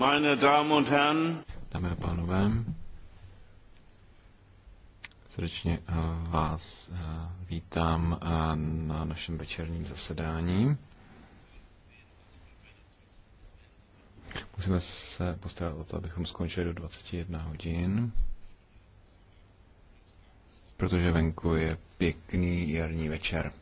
Meine Damen und Herren. Dámy a pánové, srdečně eh, vás eh, vítám eh, na našem večerním zasedání. Musíme se postarat o to, abychom skončili do 21 hodin, protože venku je pěkný jarní večer.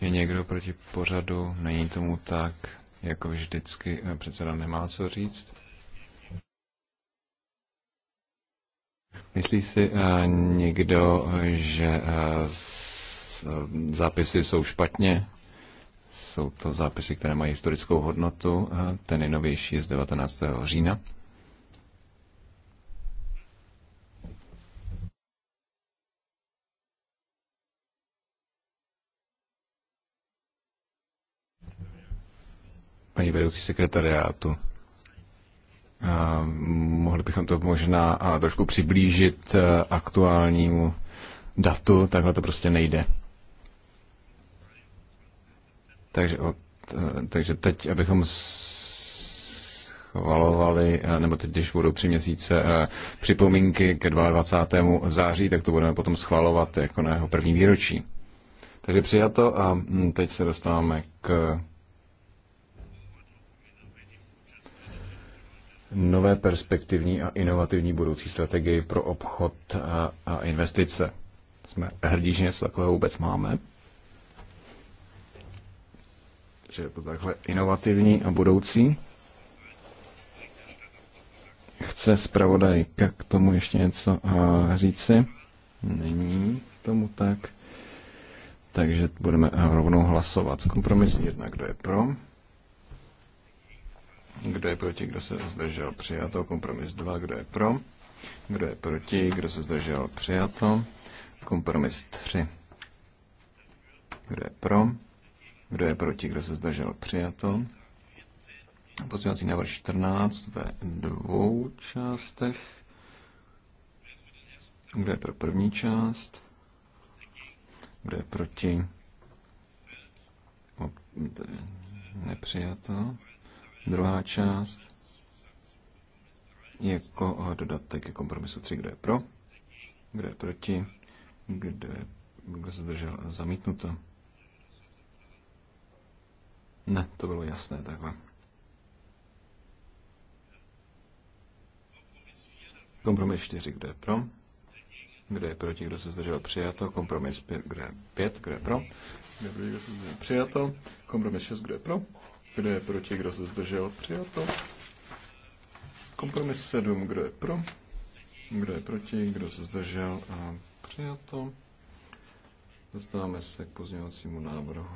Je někdo proti pořadu? Není tomu tak. Jako vždycky eh, předseda nemá co říct. Myslí si eh, někdo, že eh, zápisy jsou špatně? Jsou to zápisy, které mají historickou hodnotu. Ten nejnovější je z 19. října. paní vedoucí sekretariátu. A mohli bychom to možná a trošku přiblížit e, aktuálnímu datu, takhle to prostě nejde. Takže, od, e, takže teď, abychom schvalovali, e, nebo teď, když budou tři měsíce připomínky ke 22. září, tak to budeme potom schvalovat jako na jeho první výročí. Takže přijato a teď se dostáváme k nové perspektivní a inovativní budoucí strategii pro obchod a, a investice. Jsme hrdí, že něco takového vůbec máme. Že je to takhle inovativní a budoucí. Chce zpravodaj k tomu ještě něco říci? Není tomu tak. Takže budeme rovnou hlasovat. Kompromis jednak, kdo je pro? Kdo je proti, kdo se zdržel přijato? Kompromis 2. Kdo je pro? Kdo je proti, kdo se zdržel přijato? Kompromis 3. Kdo je pro? Kdo je proti, kdo se zdržel přijato? Pozměňovací návrh 14 ve dvou částech. Kdo je pro první část? Kdo je proti? Nepřijato. Druhá část jako dodatek ke kompromisu 3, kdo je pro, kdo je proti, kdo, je, kdo se zdržel zamítnuto. Ne, to bylo jasné takhle. Kompromis 4, kdo je pro, kdo je proti, kdo se zdržel přijato, kompromis 5, kdo je 5, kdo je pro, kdo je proti, kdo se zdržel přijato, kompromis 6, kdo je pro, kdo je proti, kdo se zdržel? Přijato. Kompromis 7. Kdo je pro? Kdo je proti, kdo se zdržel? A přijato. Dostáváme se k pozměňovacímu návrhu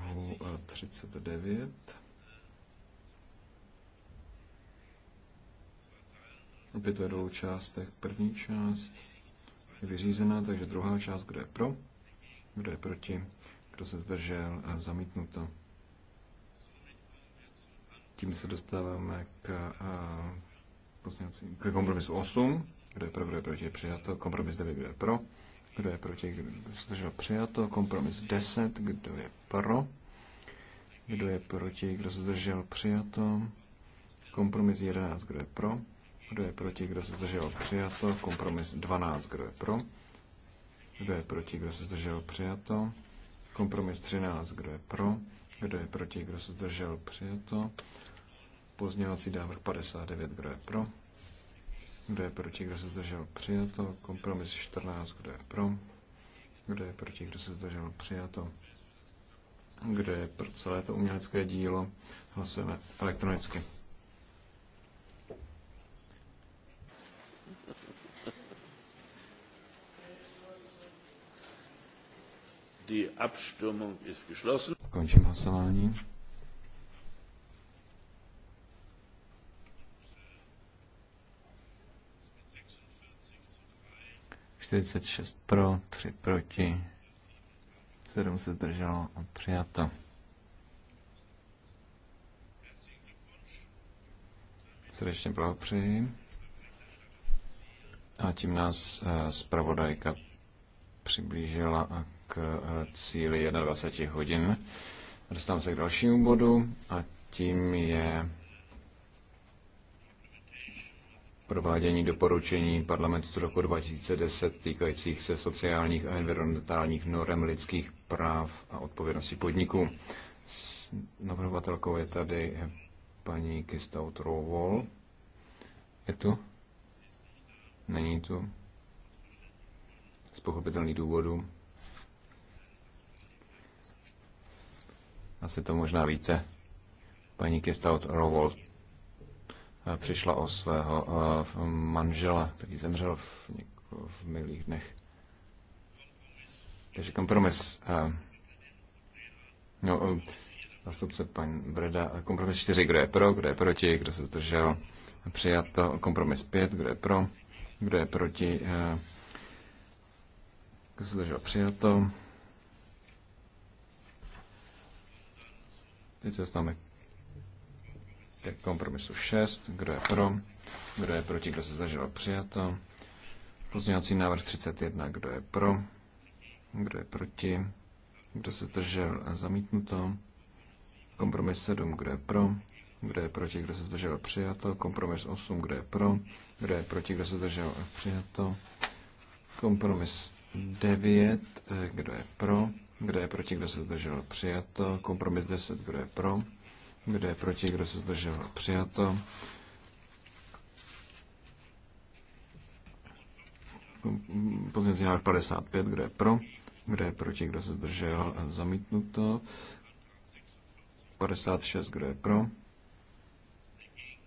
39. Eh, Opět ve dvou částech. První část je vyřízená, takže druhá část, kdo je pro, kdo je proti, kdo se zdržel a zamítnuto. Tím se dostáváme k, k kompromisu 8. Kdo je pro, kdo je proti, je přijato. Kompromis 9, kdo je pro. Kdo je proti, kdo se zdržel, přijato. Kompromis 10, kdo je pro. Kdo je proti, kdo se zdržel, přijato. Kompromis 11, kdo je pro. Kdo je proti, kdo se zdržel, přijato. Kompromis 12, kdo je pro. Kdo je proti, kdo se zdržel, přijato. Kompromis 13, kdo je pro. Kdo je proti, kdo se zdržel, přijato. Pozměňovací návrh 59, kdo je pro? Kdo je proti, kdo se zdržel? Přijato. Kompromis 14, kdo je pro? Kdo je proti, kdo se zdržel? Přijato. Kdo je pro celé to umělecké dílo? Hlasujeme elektronicky. Die Abstimmung ist geschlossen. Končím hlasování. 46 pro, 3 proti, 7 se zdrželo a přijato. Srdečně blahopřeji. A tím nás eh, zpravodajka přiblížila k eh, cíli 21 hodin. Dostávám se k dalšímu bodu a tím je provádění doporučení parlamentu z roku 2010 týkajících se sociálních a environmentálních norem lidských práv a odpovědnosti podniků. S navrhovatelkou je tady paní Kistaut Rovol. Je tu? Není tu? Z pochopitelných důvodů. Asi to možná víte. Paní Kistaut Rowold Eh, přišla o svého eh, manžela, který zemřel v, něko, v milých dnech. Takže kompromis. Eh, no, zastupce paní Breda. Kompromis 4, kdo je pro, kdo je proti, kdo se zdržel. přijat to. Kompromis 5, kdo je pro, kdo je proti, kdo se zdržel. přijat to. Teď se dostáváme ke kompromisu 6. Kdo je pro? Kdo je proti? Kdo se zdržel? Přijato. Pozměňovací návrh 31. Kdo je pro? Kdo je proti? Kdo se zdržel? Zamítnuto. Kompromis 7. Kdo je pro? Kdo je proti? Kdo se zdržel? Přijato. Kompromis 8. Kdo je pro? Kdo je proti? Kdo se zdržel? Přijato. Kompromis 9. Kdo je pro? Kdo je proti? Kdo se zdržel? Přijato. Kompromis 10. Kdo je pro? Kdo je proti? Kdo se zdržel? Přijato. Pozměňovací návrh 55. Kdo je pro? Kdo je proti? Kdo se zdržel? Zamítnuto. 56. Kdo je pro?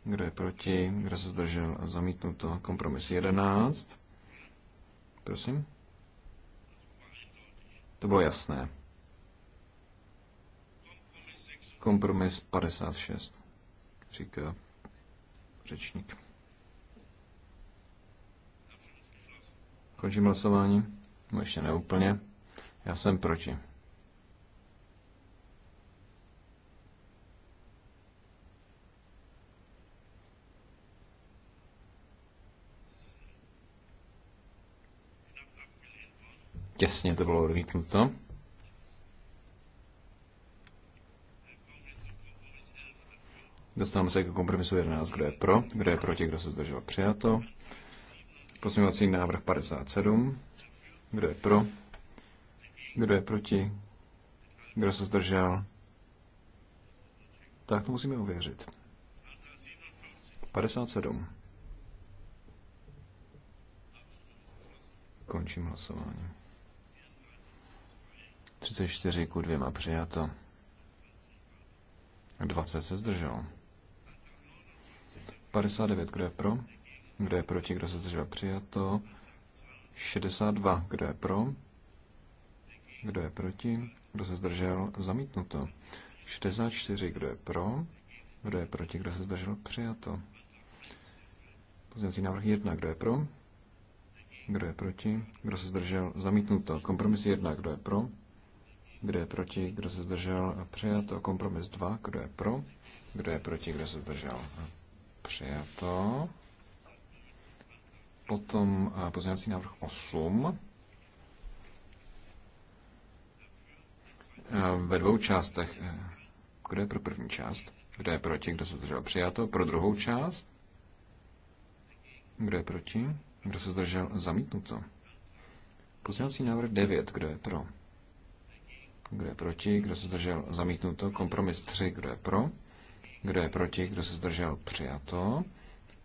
Kdo je proti? Kdo se zdržel? Zamítnuto. Kompromis 11. Prosím. To bylo jasné. Kompromis 56, říká řečník. Končím hlasování. No ještě neúplně. Já jsem proti. Těsně to bylo odmítnuto. Dostáváme se k kompromisu 11. Kdo je pro? Kdo je proti? Kdo se zdržel? Přijato. Pozměňovací návrh 57. Kdo je pro? Kdo je proti? Kdo se zdržel? Tak to musíme ověřit. 57. Končím hlasování. 34 ku 2 přijato. 20 se zdrželo. 59, kdo je pro? Kdo je proti? Kdo se zdržel? Přijato. 62, kdo je pro? Kdo je proti? Kdo se zdržel? Zamítnuto. 64, kdo je pro? Kdo je proti? Kdo se zdržel? Přijato. Pozměňovací návrh 1, kdo je pro? Kdo je proti? Kdo se zdržel? Zamítnuto. Kompromis 1, kdo je pro? Kdo je proti? Kdo se zdržel? Přijato. Kompromis 2, kdo je pro? Kdo je proti? Kdo se zdržel? Přijato. Potom eh, pozměňovací návrh 8. Eh, ve dvou částech. Eh, kdo je pro první část? Kdo je proti? Kdo se zdržel? Přijato. Pro druhou část? Kdo je proti? Kdo se zdržel? Zamítnuto. Pozměňovací návrh 9. Kdo je pro? Kdo je proti? Kdo se zdržel? Zamítnuto. Kompromis 3. Kdo je pro? Kdo je proti? Kdo se zdržel? Přijato.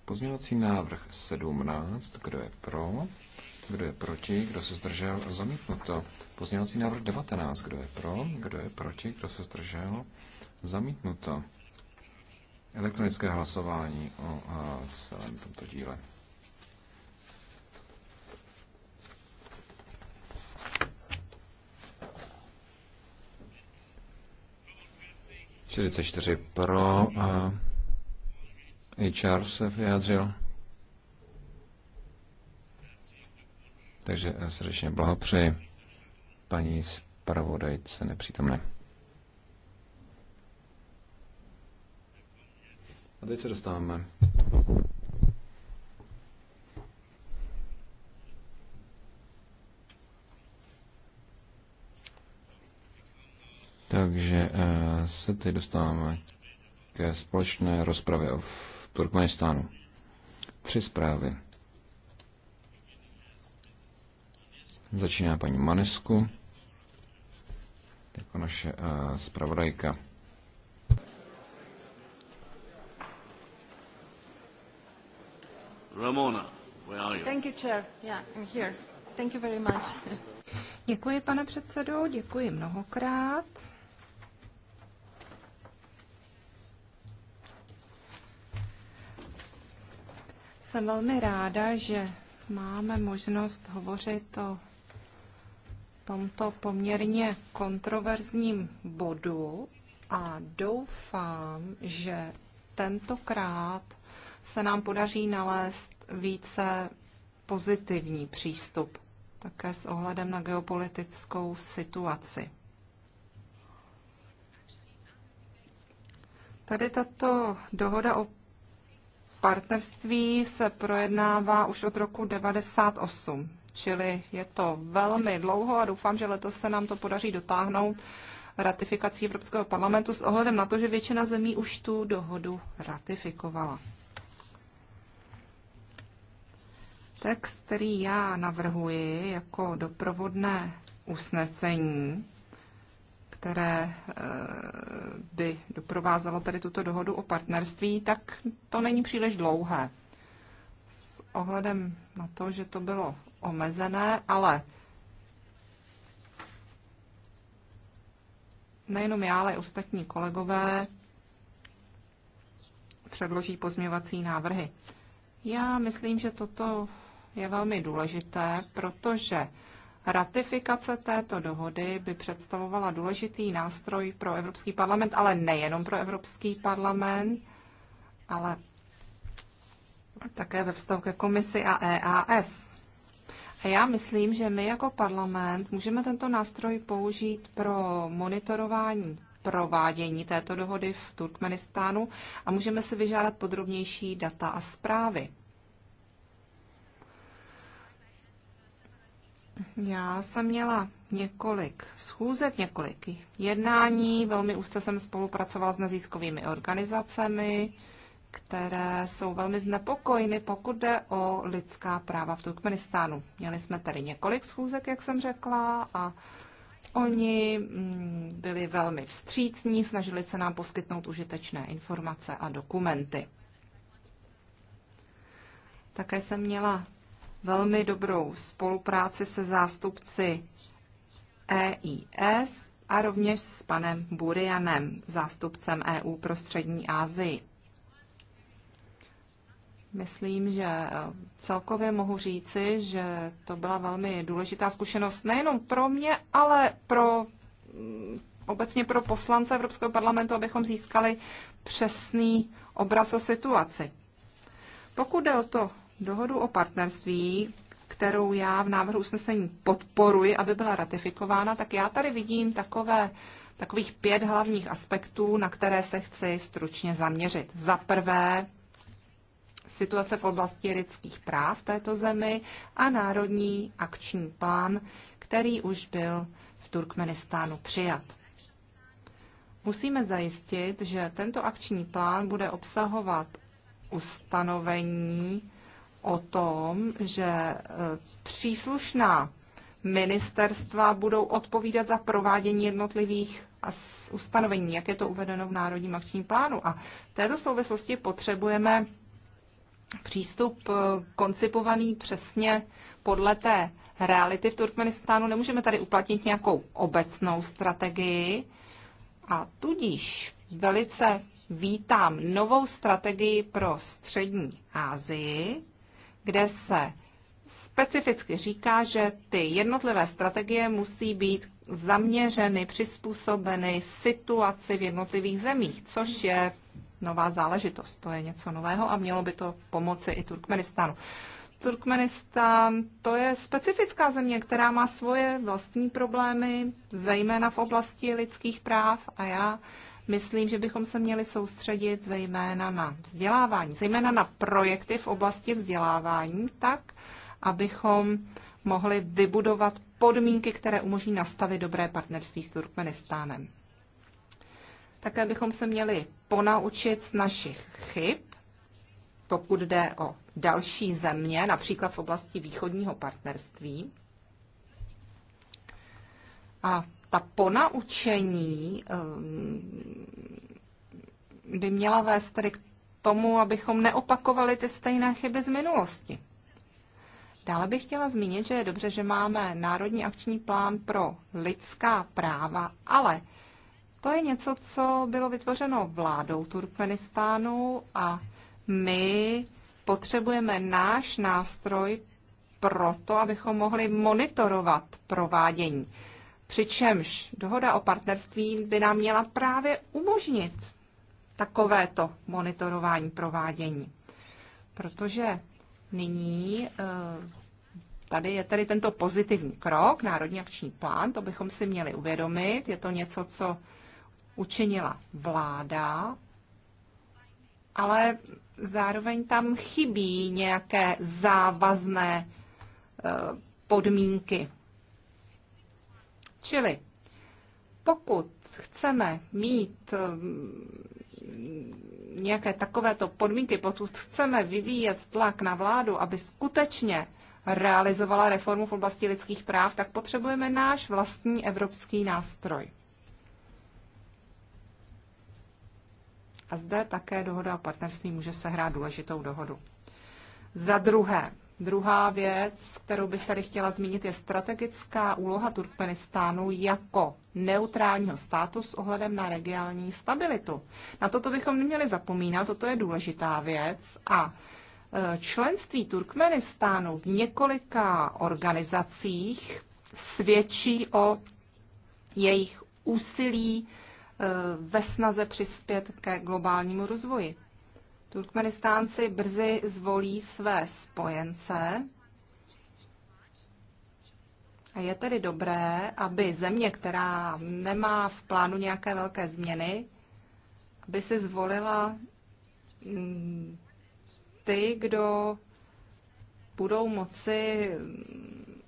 Pozměňovací návrh 17. Kdo je pro? Kdo je proti? Kdo se zdržel? Zamítnuto. Pozměňovací návrh 19. Kdo je pro? Kdo je proti? Kdo se zdržel? Zamítnuto. Elektronické hlasování o celém tomto díle. 44 pro a HR se vyjádřil. Takže srdečně blahopřeji paní zpravodajce nepřítomné. A teď se dostáváme Takže eh, se teď dostáváme ke společné rozpravě v Turkmenistánu. Tři zprávy. Začíná paní Manesku, jako naše uh, zpravodajka. Ramona, where are you? Thank you, Chair. Yeah, I'm here. Thank you very much. děkuji, pane předsedo, děkuji mnohokrát. Jsem velmi ráda, že máme možnost hovořit o tomto poměrně kontroverzním bodu a doufám, že tentokrát se nám podaří nalézt více pozitivní přístup, také s ohledem na geopolitickou situaci. Tady tato dohoda o partnerství se projednává už od roku 1998, čili je to velmi dlouho a doufám, že letos se nám to podaří dotáhnout ratifikací Evropského parlamentu s ohledem na to, že většina zemí už tu dohodu ratifikovala. Text, který já navrhuji jako doprovodné usnesení, které eh, by doprovázelo tady tuto dohodu o partnerství, tak to není příliš dlouhé. S ohledem na to, že to bylo omezené, ale nejenom já, ale i ostatní kolegové předloží pozměvací návrhy. Já myslím, že toto je velmi důležité, protože Ratifikace této dohody by představovala důležitý nástroj pro Evropský parlament, ale nejenom pro Evropský parlament, ale také ve vztahu ke komisi a EAS. A já myslím, že my jako parlament můžeme tento nástroj použít pro monitorování provádění této dohody v Turkmenistánu a můžeme si vyžádat podrobnější data a zprávy. Já jsem měla několik schůzek, několik jednání. Velmi úzce jsem spolupracovala s neziskovými organizacemi, které jsou velmi znepokojeny, pokud jde o lidská práva v Turkmenistánu. Měli jsme tady několik schůzek, jak jsem řekla, a oni mm, byli velmi vstřícní, snažili se nám poskytnout užitečné informace a dokumenty. Také jsem měla velmi dobrou spolupráci se zástupci EIS a rovněž s panem Burianem, zástupcem EU pro střední Asii. Myslím, že eh, celkově mohu říci, že to byla velmi důležitá zkušenost nejenom pro mě, ale pro mm, obecně pro poslance Evropského parlamentu, abychom získali přesný obraz o situaci. Pokud jde o to dohodu o partnerství, kterou já v návrhu usnesení podporuji, aby byla ratifikována, tak já tady vidím takové, takových pět hlavních aspektů, na které se chci stručně zaměřit. Za prvé, situace v oblasti lidských práv této zemi a národní akční plán, který už byl v Turkmenistánu přijat. Musíme zajistit, že tento akční plán bude obsahovat ustanovení, o tom, že e, příslušná ministerstva budou odpovídat za provádění jednotlivých ustanovení, jak je to uvedeno v Národním akčním plánu. A v této souvislosti potřebujeme přístup e, koncipovaný přesně podle té reality v Turkmenistánu. Nemůžeme tady uplatnit nějakou obecnou strategii a tudíž velice vítám novou strategii pro střední Asii, kde se specificky říká, že ty jednotlivé strategie musí být zaměřeny, přizpůsobeny situaci v jednotlivých zemích, což je nová záležitost. To je něco nového a mělo by to pomoci i Turkmenistánu. Turkmenistán to je specifická země, která má svoje vlastní problémy, zejména v oblasti lidských práv a já myslím, že bychom se měli soustředit zejména na vzdělávání, zejména na projekty v oblasti vzdělávání, tak, abychom mohli vybudovat podmínky, které umožní nastavit dobré partnerství s Turkmenistánem. Také bychom se měli ponaučit z našich chyb, pokud jde o další země, například v oblasti východního partnerství. A ta ponaučení ehm, by měla vést tedy k tomu, abychom neopakovali ty stejné chyby z minulosti. Dále bych chtěla zmínit, že je dobře, že máme Národní akční plán pro lidská práva, ale to je něco, co bylo vytvořeno vládou Turkmenistánu a my potřebujeme náš nástroj pro to, abychom mohli monitorovat provádění. Přičemž dohoda o partnerství by nám měla právě umožnit takovéto monitorování provádění. Protože nyní eh, tady je tady tento pozitivní krok, Národní akční plán, to bychom si měli uvědomit. Je to něco, co učinila vláda, ale zároveň tam chybí nějaké závazné eh, podmínky Čili pokud chceme mít mm, nějaké takovéto podmínky, pokud chceme vyvíjet tlak na vládu, aby skutečně realizovala reformu v oblasti lidských práv, tak potřebujeme náš vlastní evropský nástroj. A zde také dohoda o partnerství může sehrát důležitou dohodu. Za druhé, Druhá věc, kterou bych tady chtěla zmínit, je strategická úloha Turkmenistánu jako neutrálního státu s ohledem na regionální stabilitu. Na toto bychom neměli zapomínat, toto je důležitá věc a e, členství Turkmenistánu v několika organizacích svědčí o jejich úsilí e, ve snaze přispět ke globálnímu rozvoji. Turkmenistánci brzy zvolí své spojence. A je tedy dobré, aby země, která nemá v plánu nějaké velké změny, aby si zvolila mm, ty, kdo budou moci mm,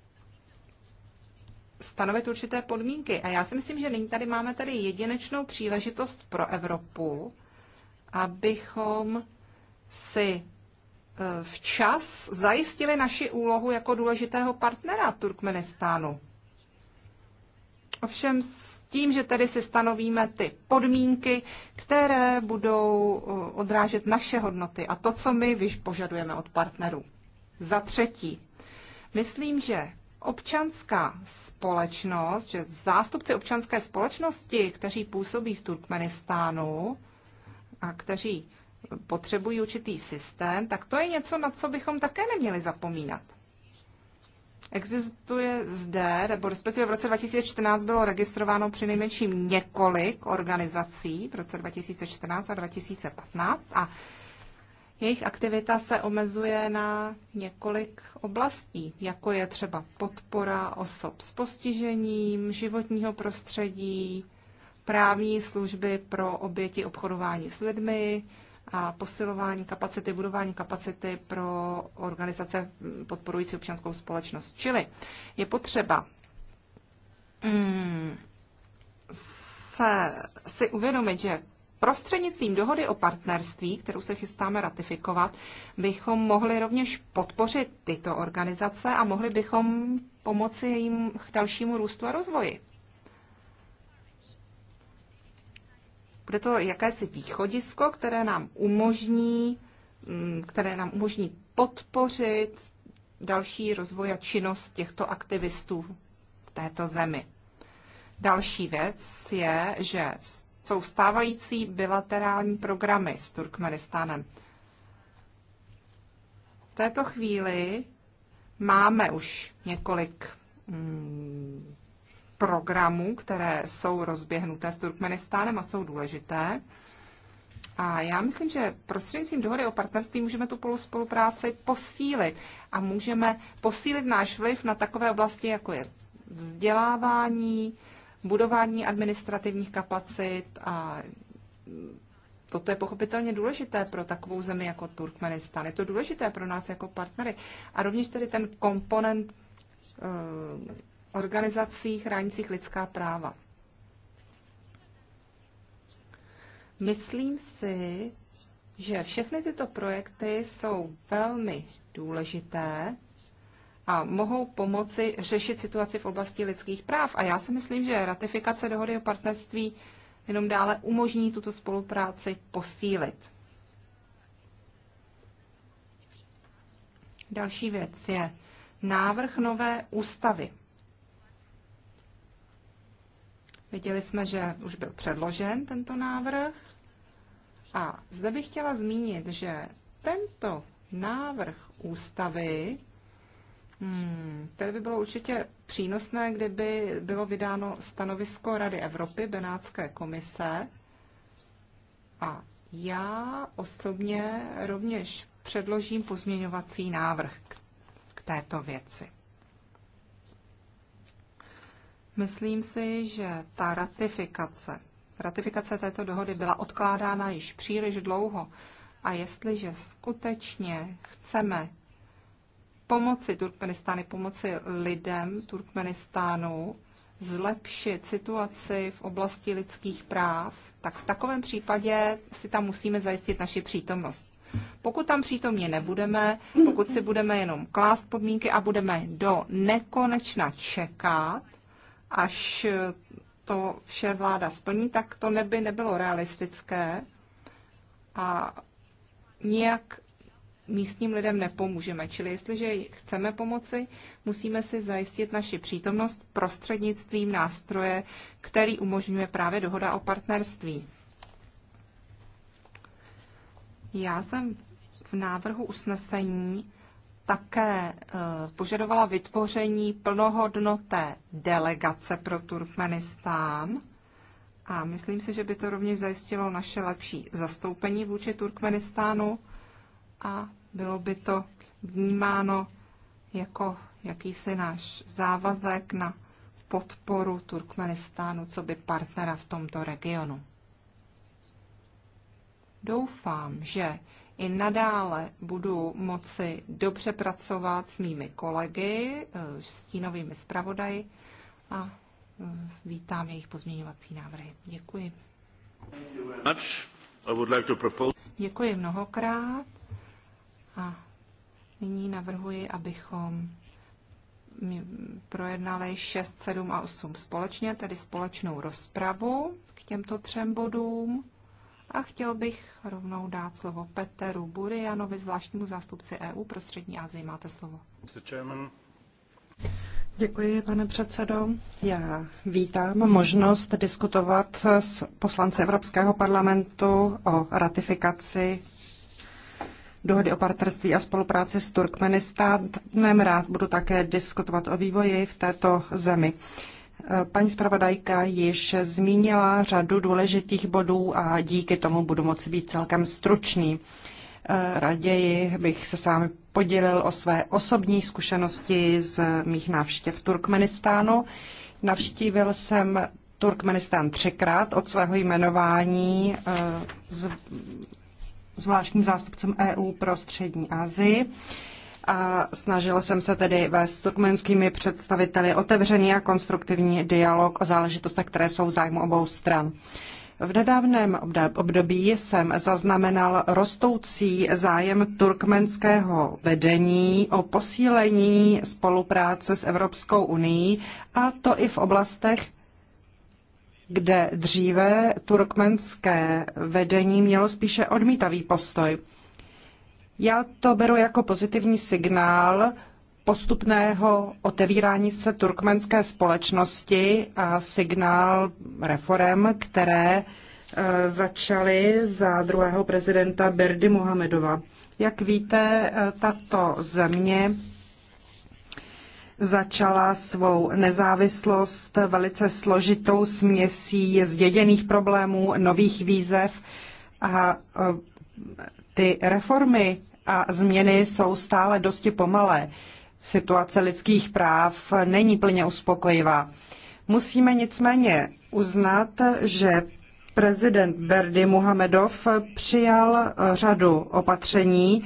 stanovit určité podmínky. A já si myslím, že nyní tady máme tady jedinečnou příležitost pro Evropu, abychom si e, včas zajistili naši úlohu jako důležitého partnera Turkmenistánu. Ovšem s tím, že tedy si stanovíme ty podmínky, které budou e, odrážet naše hodnoty a to, co my požadujeme od partnerů. Za třetí, myslím, že občanská společnost, že zástupci občanské společnosti, kteří působí v Turkmenistánu, a kteří potřebují určitý systém, tak to je něco, na co bychom také neměli zapomínat. Existuje zde, nebo respektive v roce 2014 bylo registrováno při nejmenším několik organizací v roce 2014 a 2015 a jejich aktivita se omezuje na několik oblastí, jako je třeba podpora osob s postižením, životního prostředí, právní služby pro oběti obchodování s lidmi a posilování kapacity, budování kapacity pro organizace podporující občanskou společnost. Čili je potřeba hmm, se, si uvědomit, že Prostřednictvím dohody o partnerství, kterou se chystáme ratifikovat, bychom mohli rovněž podpořit tyto organizace a mohli bychom pomoci jejím dalšímu růstu a rozvoji. Bude to jakési východisko, které nám umožní, mm, které nám umožní podpořit další rozvoj a činnost těchto aktivistů v této zemi. Další věc je, že jsou stávající bilaterální programy s Turkmenistánem. V této chvíli máme už několik mm, programů, které jsou rozběhnuté s Turkmenistánem a jsou důležité. A já myslím, že prostřednictvím dohody o partnerství můžeme tu spolupráci posílit a můžeme posílit náš vliv na takové oblasti, jako je vzdělávání, budování administrativních kapacit a Toto je pochopitelně důležité pro takovou zemi jako Turkmenistan. Je to důležité pro nás jako partnery. A rovněž tedy ten komponent eh, organizací chránících lidská práva. Myslím si, že všechny tyto projekty jsou velmi důležité a mohou pomoci řešit situaci v oblasti lidských práv. A já si myslím, že ratifikace dohody o partnerství jenom dále umožní tuto spolupráci posílit. Další věc je návrh nové ústavy. Viděli jsme, že už byl předložen tento návrh. A zde bych chtěla zmínit, že tento návrh ústavy, hmm, tedy by bylo určitě přínosné, kdyby bylo vydáno stanovisko Rady Evropy, Benátské komise. A já osobně rovněž předložím pozměňovací návrh k této věci. Myslím si, že ta ratifikace, ratifikace této dohody byla odkládána již příliš dlouho a jestliže skutečně chceme pomoci Turkmenistánu, pomoci lidem Turkmenistánu zlepšit situaci v oblasti lidských práv, tak v takovém případě si tam musíme zajistit naši přítomnost. Pokud tam přítomně nebudeme, pokud si budeme jenom klást podmínky a budeme do nekonečna čekat, až to vše vláda splní, tak to neby nebylo realistické a nijak místním lidem nepomůžeme. Čili jestliže chceme pomoci, musíme si zajistit naši přítomnost prostřednictvím nástroje, který umožňuje právě dohoda o partnerství. Já jsem v návrhu usnesení také eh, požadovala vytvoření plnohodnoté delegace pro Turkmenistán a myslím si, že by to rovněž zajistilo naše lepší zastoupení vůči Turkmenistánu a bylo by to vnímáno jako jakýsi náš závazek na podporu Turkmenistánu co by partnera v tomto regionu. Doufám, že i nadále budu moci dobře pracovat s mými kolegy, eh, s stínovými zpravodaji a eh, vítám jejich pozměňovací návrhy. Děkuji. Děkuji mnohokrát a nyní navrhuji, abychom projednali 6, 7 a 8 společně, tedy společnou rozpravu k těmto třem bodům. A chtěl bych rovnou dát slovo Peteru Burianovi, zvláštnímu zástupci EU pro Střední Asii. Máte slovo. Děkuji, pane předsedo. Já vítám možnost diskutovat s poslanci Evropského parlamentu o ratifikaci dohody o partnerství a spolupráci s Turkmenistánem. Rád budu také diskutovat o vývoji v této zemi. Paní zpravodajka již zmínila řadu důležitých bodů a díky tomu budu moci být celkem stručný. Raději bych se s vámi podělil o své osobní zkušenosti z mých návštěv Turkmenistánu. Navštívil jsem Turkmenistán třikrát od svého jmenování eh, z zvláštním zástupcem EU pro střední Asii a snažila jsem se tedy vést s turkmenskými představiteli otevřený a konstruktivní dialog o záležitostech, které jsou v zájmu obou stran. V nedávném období jsem zaznamenal rostoucí zájem turkmenského vedení o posílení spolupráce s Evropskou unii, a to i v oblastech, kde dříve turkmenské vedení mělo spíše odmítavý postoj. Já to beru jako pozitivní signál postupného otevírání se turkmenské společnosti a signál reform, které e, začaly za druhého prezidenta Berdy Mohamedova. Jak víte, e, tato země začala svou nezávislost velice složitou směsí zděděných problémů, nových výzev a e, ty reformy, a změny jsou stále dosti pomalé. Situace lidských práv není plně uspokojivá. Musíme nicméně uznat, že prezident Berdy Muhamedov přijal eh, řadu opatření,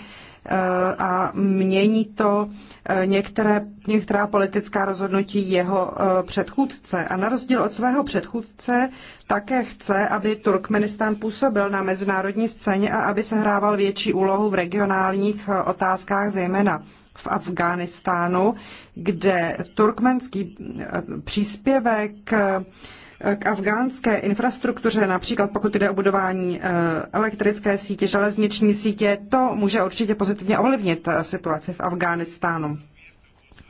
Eh, a mění to eh, některé, některá politická rozhodnutí jeho eh, předchůdce. A na rozdíl od svého předchůdce také chce, aby Turkmenistán působil na mezinárodní scéně a aby se hrával větší úlohu v regionálních otázkách, zejména v Afghánistánu, kde turkmenský příspěvek k afgánské infrastruktuře, například pokud jde o budování eh, elektrické sítě, železniční sítě, to může určitě pozitivně ovlivnit eh, situaci v Afghánistánu.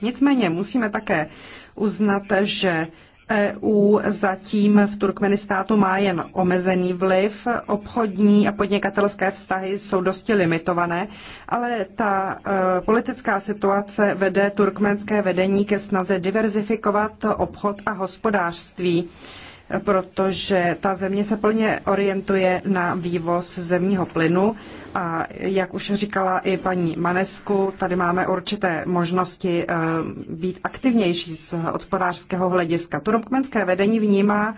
Nicméně musíme také uznat, že EU zatím v Turkmenistátu má jen omezený vliv. Obchodní a podnikatelské vztahy jsou dosti limitované, ale ta eh, politická situace vede turkmenské vedení ke snaze diverzifikovat obchod a hospodářství protože ta země se plně orientuje na vývoz zemního plynu a jak už říkala i paní Manesku, tady máme určité možnosti eh, být aktivnější z hospodářského hlediska. Turkmenské vedení vnímá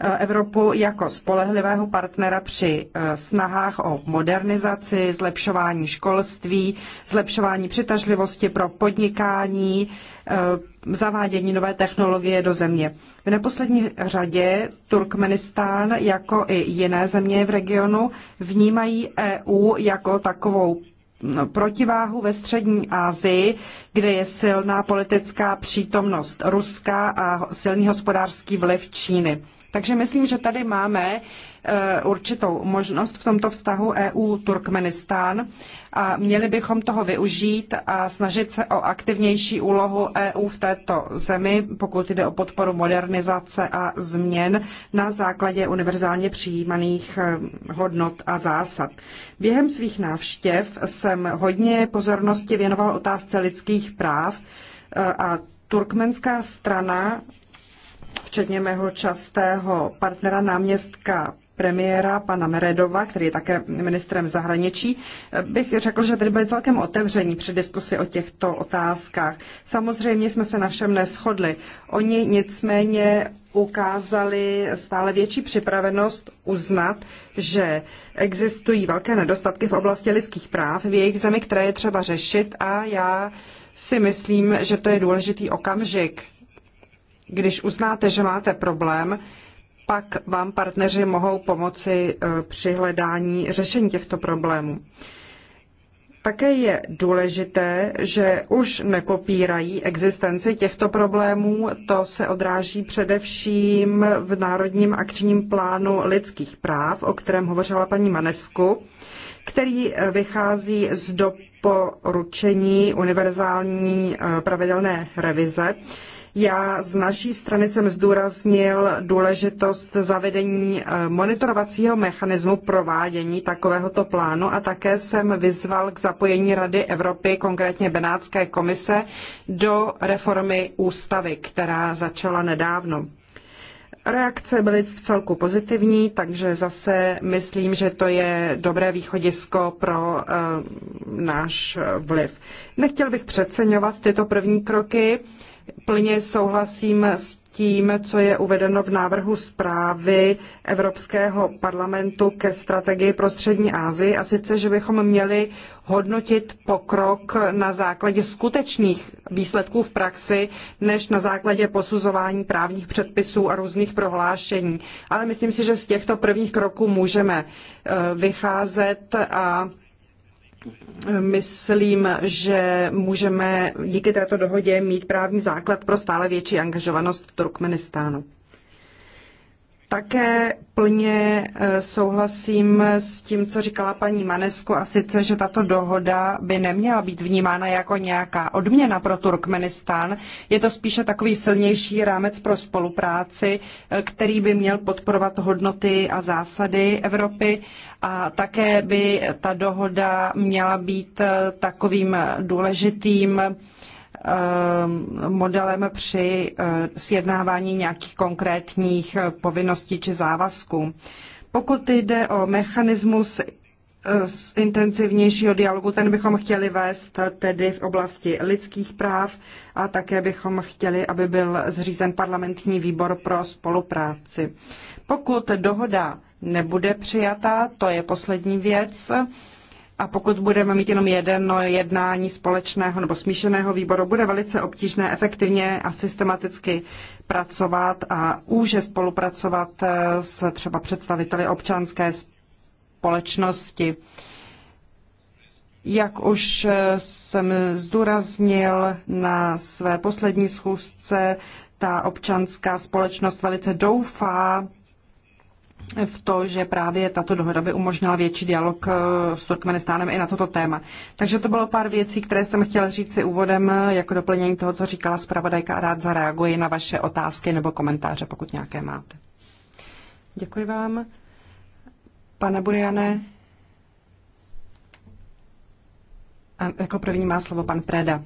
eh, Evropu jako spolehlivého partnera při eh, snahách o modernizaci, zlepšování školství, zlepšování přitažlivosti pro podnikání, zavádění nové technologie do země. V neposlední řadě Turkmenistán, jako i jiné země v regionu, vnímají EU jako takovou no, protiváhu ve střední Asii, kde je silná politická přítomnost Ruska a silný hospodářský vliv Číny. Takže myslím, že tady máme eh, určitou možnost v tomto vztahu EU-Turkmenistán a měli bychom toho využít a snažit se o aktivnější úlohu EU v této zemi, pokud jde o podporu modernizace a změn na základě univerzálně přijímaných eh, hodnot a zásad. Během svých návštěv jsem hodně pozornosti věnoval otázce lidských práv eh, a turkmenská strana včetně mého častého partnera náměstka premiéra pana Meredova, který je také ministrem zahraničí, bych řekl, že tady byli celkem otevření při diskusi o těchto otázkách. Samozřejmě jsme se na všem neschodli. Oni nicméně ukázali stále větší připravenost uznat, že existují velké nedostatky v oblasti lidských práv v jejich zemi, které je třeba řešit a já si myslím, že to je důležitý okamžik když uznáte, že máte problém, pak vám partneři mohou pomoci e, při hledání řešení těchto problémů. Také je důležité, že už nepopírají existenci těchto problémů. To se odráží především v Národním akčním plánu lidských práv, o kterém hovořila paní Manesku, který e, vychází z doporučení univerzální e, pravidelné revize já z naší strany jsem zdůraznil důležitost zavedení eh, monitorovacího mechanismu provádění takovéhoto plánu a také jsem vyzval k zapojení Rady Evropy, konkrétně Benátské komise, do reformy ústavy, která začala nedávno. Reakce byly v celku pozitivní, takže zase myslím, že to je dobré východisko pro uh, náš vliv. Nechtěl bych přeceňovat tyto první kroky. Plně souhlasím s tím, co je uvedeno v návrhu zprávy Evropského parlamentu ke strategii pro střední Asii, a sice, že bychom měli hodnotit pokrok na základě skutečných výsledků v praxi, než na základě posuzování právních předpisů a různých prohlášení. Ale myslím si, že z těchto prvních kroků můžeme eh, vycházet a myslím, že můžeme díky této dohodě mít právní základ pro stále větší angažovanost Turkmenistánu. Také plně eh, souhlasím s tím, co říkala paní Manesku, a sice, že tato dohoda by neměla být vnímána jako nějaká odměna pro Turkmenistán. Je to spíše takový silnější rámec pro spolupráci, eh, který by měl podporovat hodnoty a zásady Evropy a také by ta dohoda měla být eh, takovým důležitým Eh, modelem při eh, sjednávání nějakých konkrétních eh, povinností či závazků. Pokud jde o mechanismus z intenzivnějšího dialogu, ten bychom chtěli vést tedy v oblasti lidských práv a také bychom chtěli, aby byl zřízen parlamentní výbor pro spolupráci. Pokud dohoda nebude přijata, to je poslední věc, a pokud budeme mít jenom jedno jednání společného nebo smíšeného výboru, bude velice obtížné efektivně a systematicky pracovat a úže spolupracovat eh, s třeba představiteli občanské společnosti. Jak už eh, jsem zdůraznil na své poslední schůzce, ta občanská společnost velice doufá v to, že právě tato dohoda by umožnila větší dialog eh, s Turkmenistánem i na toto téma. Takže to bylo pár věcí, které jsem chtěla říct si úvodem jako doplnění toho, co říkala zpravodajka a rád zareaguji na vaše otázky nebo komentáře, pokud nějaké máte. Děkuji vám. Pane Buriane, a jako první má slovo pan Preda.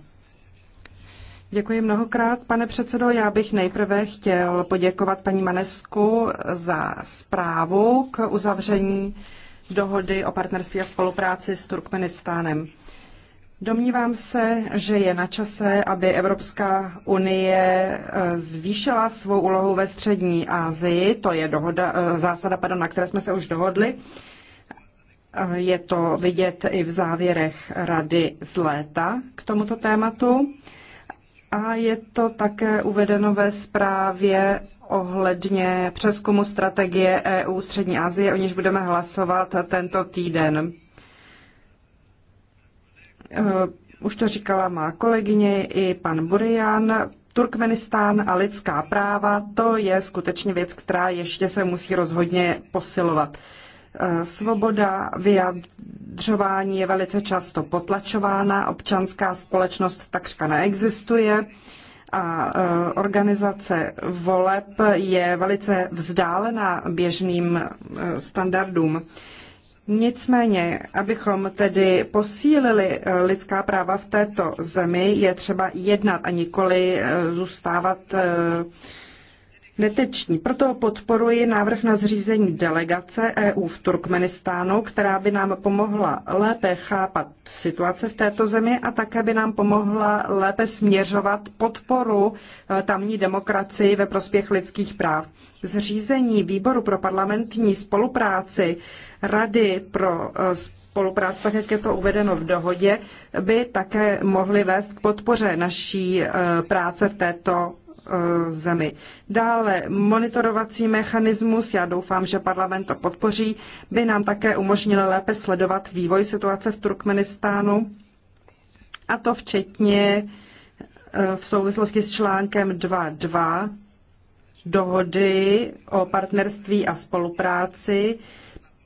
Děkuji mnohokrát, pane předsedo. Já bych nejprve chtěl poděkovat paní Manesku za zprávu k uzavření dohody o partnerství a spolupráci s Turkmenistánem. Domnívám se, že je na čase, aby Evropská unie eh, zvýšila svou úlohu ve střední Asii. To je dohoda, eh, zásada, pardon, na které jsme se už dohodli. Eh, je to vidět i v závěrech rady z léta k tomuto tématu. A je to také uvedeno ve zprávě ohledně přeskumu strategie EU Střední Asie, o níž budeme hlasovat tento týden. Eh, už to říkala má kolegyně i pan Burian. Turkmenistán a lidská práva, to je skutečně věc, která ještě se musí rozhodně posilovat. Eh, svoboda vyjadřování je velice často potlačována, občanská společnost takřka neexistuje a eh, organizace voleb je velice vzdálená běžným eh, standardům. Nicméně, abychom tedy posílili lidská práva v této zemi, je třeba jednat a nikoli zůstávat neteční. Proto podporuji návrh na zřízení delegace EU v Turkmenistánu, která by nám pomohla lépe chápat situaci v této zemi a také by nám pomohla lépe směřovat podporu eh, tamní demokracii ve prospěch lidských práv. Zřízení výboru pro parlamentní spolupráci Rady pro eh, spolupráci, tak jak je to uvedeno v dohodě, by také mohly vést k podpoře naší eh, práce v této E, zemi. Dále monitorovací mechanismus, já doufám, že parlament to podpoří, by nám také umožnil lépe sledovat vývoj situace v Turkmenistánu, a to včetně e, v souvislosti s článkem 2.2 dohody o partnerství a spolupráci,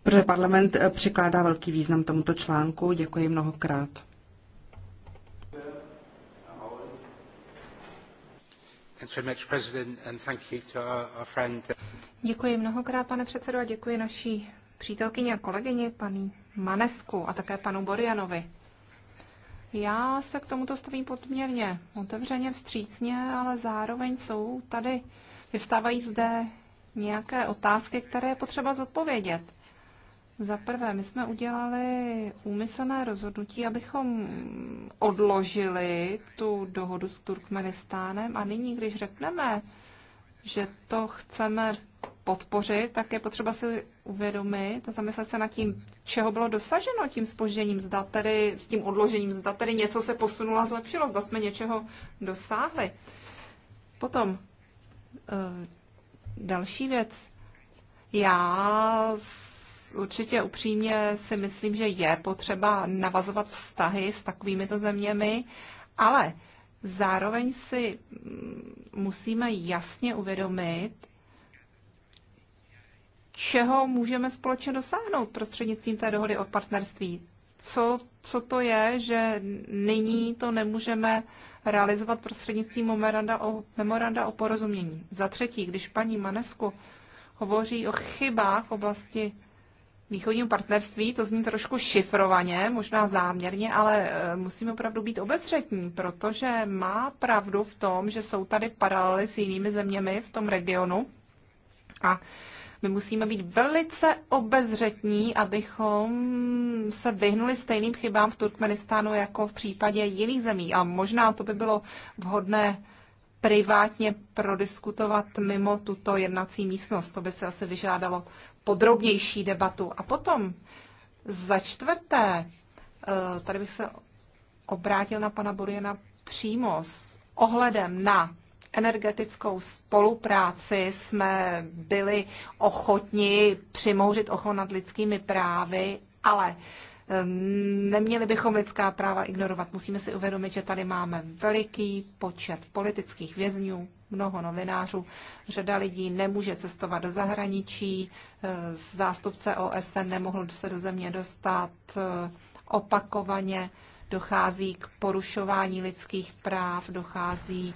protože parlament e, přikládá velký význam tomuto článku. Děkuji mnohokrát. Děkuji mnohokrát, pane předsedo, a děkuji naší přítelkyni a kolegyni, paní Manesku a také panu Borianovi. Já se k tomuto stavím podměrně, otevřeně, vstřícně, ale zároveň jsou tady, vyvstávají zde nějaké otázky, které je potřeba zodpovědět. Za prvé, my jsme udělali úmyslné rozhodnutí, abychom odložili tu dohodu s Turkmenistánem a nyní, když řekneme, že to chceme podpořit, tak je potřeba si uvědomit a zamyslet se nad tím, čeho bylo dosaženo tím spožděním, zda tedy s tím odložením, zda tedy něco se posunulo a zlepšilo, zda jsme něčeho dosáhli. Potom eh, další věc. Já určitě upřímně si myslím, že je potřeba navazovat vztahy s to zeměmi, ale zároveň si mm, musíme jasně uvědomit, čeho můžeme společně dosáhnout prostřednictvím té dohody o partnerství. Co, co to je, že nyní to nemůžeme realizovat prostřednictvím memoranda o, memoranda o porozumění. Za třetí, když paní Manesku hovoří o chybách v oblasti východním partnerství, to zní trošku šifrovaně, možná záměrně, ale eh, musíme opravdu být obezřetní, protože má pravdu v tom, že jsou tady paralely s jinými zeměmi v tom regionu a my musíme být velice obezřetní, abychom se vyhnuli stejným chybám v Turkmenistánu jako v případě jiných zemí. A možná to by bylo vhodné privátně prodiskutovat mimo tuto jednací místnost. To by se asi vyžádalo podrobnější debatu. A potom za čtvrté, eh, tady bych se obrátil na pana Buriena přímo s ohledem na energetickou spolupráci jsme byli ochotni přimouřit ocho nad lidskými právy, ale eh, neměli bychom lidská práva ignorovat. Musíme si uvědomit, že tady máme veliký počet politických vězňů, mnoho novinářů, řada lidí nemůže cestovat do zahraničí, eh, zástupce OSN nemohl se do země dostat eh, opakovaně, dochází k porušování lidských práv, dochází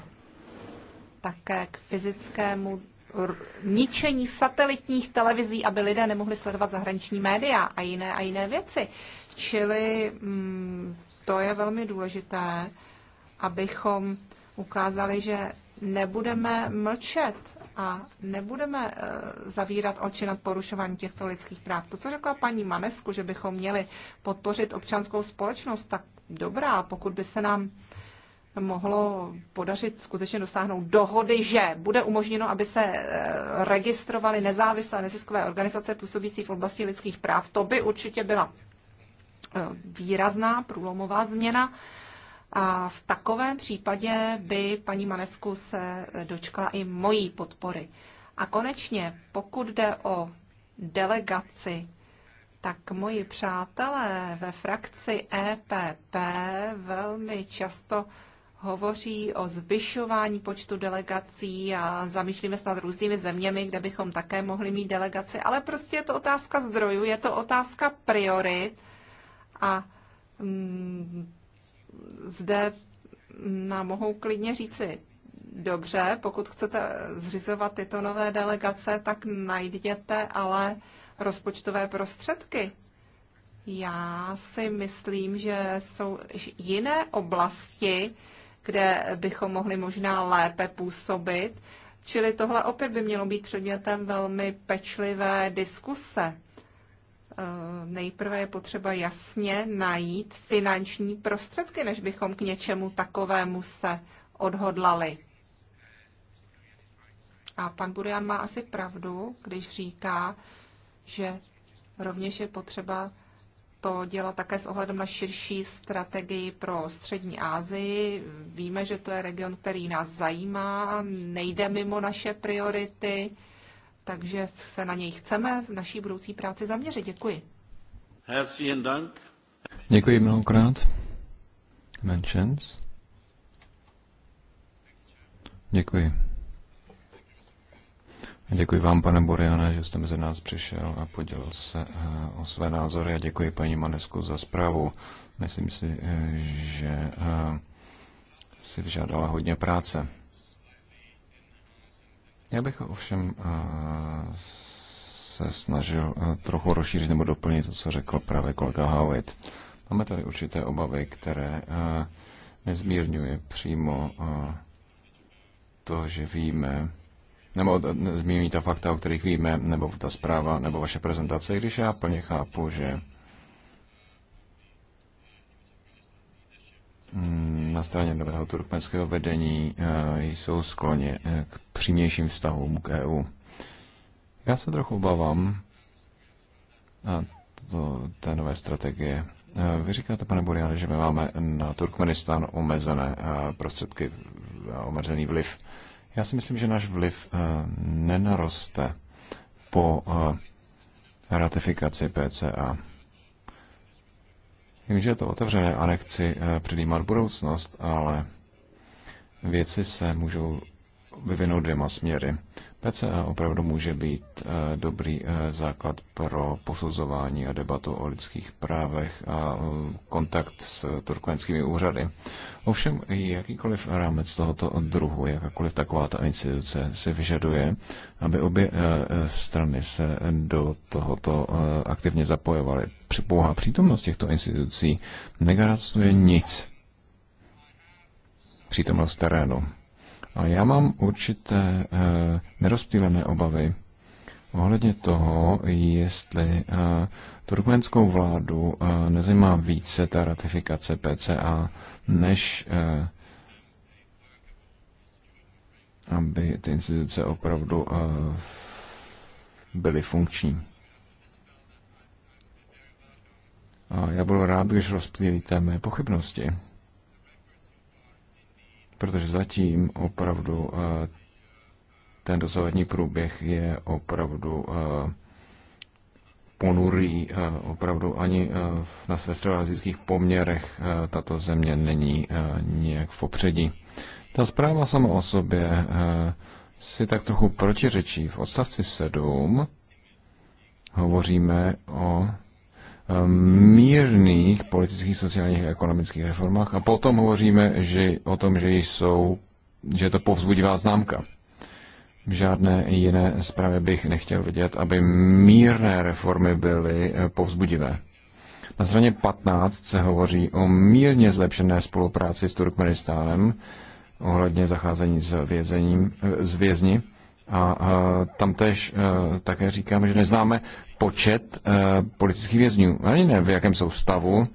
také k fyzickému ničení satelitních televizí, aby lidé nemohli sledovat zahraniční média a jiné a jiné věci. Čili mm, to je velmi důležité, abychom ukázali, že nebudeme mlčet a nebudeme eh, zavírat oči nad porušování těchto lidských práv. To, co řekla paní Manesku, že bychom měli podpořit občanskou společnost, tak dobrá, pokud by se nám mohlo podařit skutečně dosáhnout dohody, že bude umožněno, aby se eh, registrovaly nezávislé neziskové organizace působící v oblasti lidských práv. To by určitě byla eh, výrazná průlomová změna. A v takovém případě by paní Manesku se dočkala i mojí podpory. A konečně, pokud jde o delegaci, tak moji přátelé ve frakci EPP velmi často hovoří o zvyšování počtu delegací a zamýšlíme se nad různými zeměmi, kde bychom také mohli mít delegaci, ale prostě je to otázka zdrojů, je to otázka priorit a mm, zde nám mohou klidně říci, dobře, pokud chcete zřizovat tyto nové delegace, tak najděte ale rozpočtové prostředky. Já si myslím, že jsou jiné oblasti, kde bychom mohli možná lépe působit, čili tohle opět by mělo být předmětem velmi pečlivé diskuse. Eh, nejprve je potřeba jasně najít finanční prostředky, než bychom k něčemu takovému se odhodlali. A pan Burian má asi pravdu, když říká, že rovněž je potřeba to dělat také s ohledem na širší strategii pro střední Asii. Víme, že to je region, který nás zajímá, nejde mimo naše priority takže se na něj chceme v naší budoucí práci zaměřit. Děkuji. Herzlichen Dank. Děkuji mnohokrát. Mentions. Děkuji. Děkuji vám, pane Boriane, že jste mezi nás přišel a podělil se eh, o své názory a děkuji paní Manesku za zprávu. Myslím si, eh, že eh, si vyžádala hodně práce. Já bych ovšem eh, se snažil eh, trochu rozšířit nebo doplnit to, co řekl právě kolega Howitt. Máme tady určité obavy, které eh, nezmírňuje přímo to, že víme, nebo zmíní ta fakta, o kterých víme, nebo ta zpráva, nebo vaše prezentace, když já plně chápu, že Mm, na straně nového turkmenského vedení eh, jsou skloně eh, k přímějším vztahům k EU. Já se trochu obávám a to, té nové strategie. Eh, vy říkáte, pane Buriane, že my máme na Turkmenistán omezené prostředky a omezený vliv. Já si myslím, že náš vliv nenaroste po ratifikaci PCA. Vím, že je to otevřené a nechci eh, předjímat budoucnost, ale věci se můžou vyvinout dvěma směry. PCA opravdu může být eh, dobrý eh, základ pro posuzování a debatu o lidských právech a eh, kontakt s turkmenskými úřady. Ovšem, jakýkoliv rámec tohoto druhu, jakákoliv taková ta instituce si vyžaduje, aby obě strany se do tohoto aktivně zapojovaly. Pouhá přítomnost těchto institucí negarantuje nic. Přítomnost terénu. A já mám určité eh, nerozptýlené obavy ohledně toho, jestli eh, turkmenskou vládu eh, nezajímá více ta ratifikace PCA, než aby ty instituce opravdu byly funkční. A já budu rád, když rozptýlíte mé pochybnosti protože zatím opravdu eh, ten dosavadní průběh je opravdu eh, ponurý. Eh, opravdu ani na své poměrech tato země není nijak v popředí. Ta zpráva sama o sobě si tak trochu protiřečí. V odstavci 7 hovoříme o Ehm, mírných politických, sociálních a ekonomických reformách a potom hovoříme že, o tom, že jsou, že je to povzbudivá známka. V žádné jiné zprávě bych nechtěl vidět, aby mírné reformy byly eh, povzbudivé. Na straně 15 se hovoří o mírně zlepšené spolupráci s Turkmenistánem ohledně zacházení s, vězením, eh, s vězni a, a tam tež e, také říkáme, že neznáme počet e, politických vězňů. Ani ne, v jakém jsou stavu,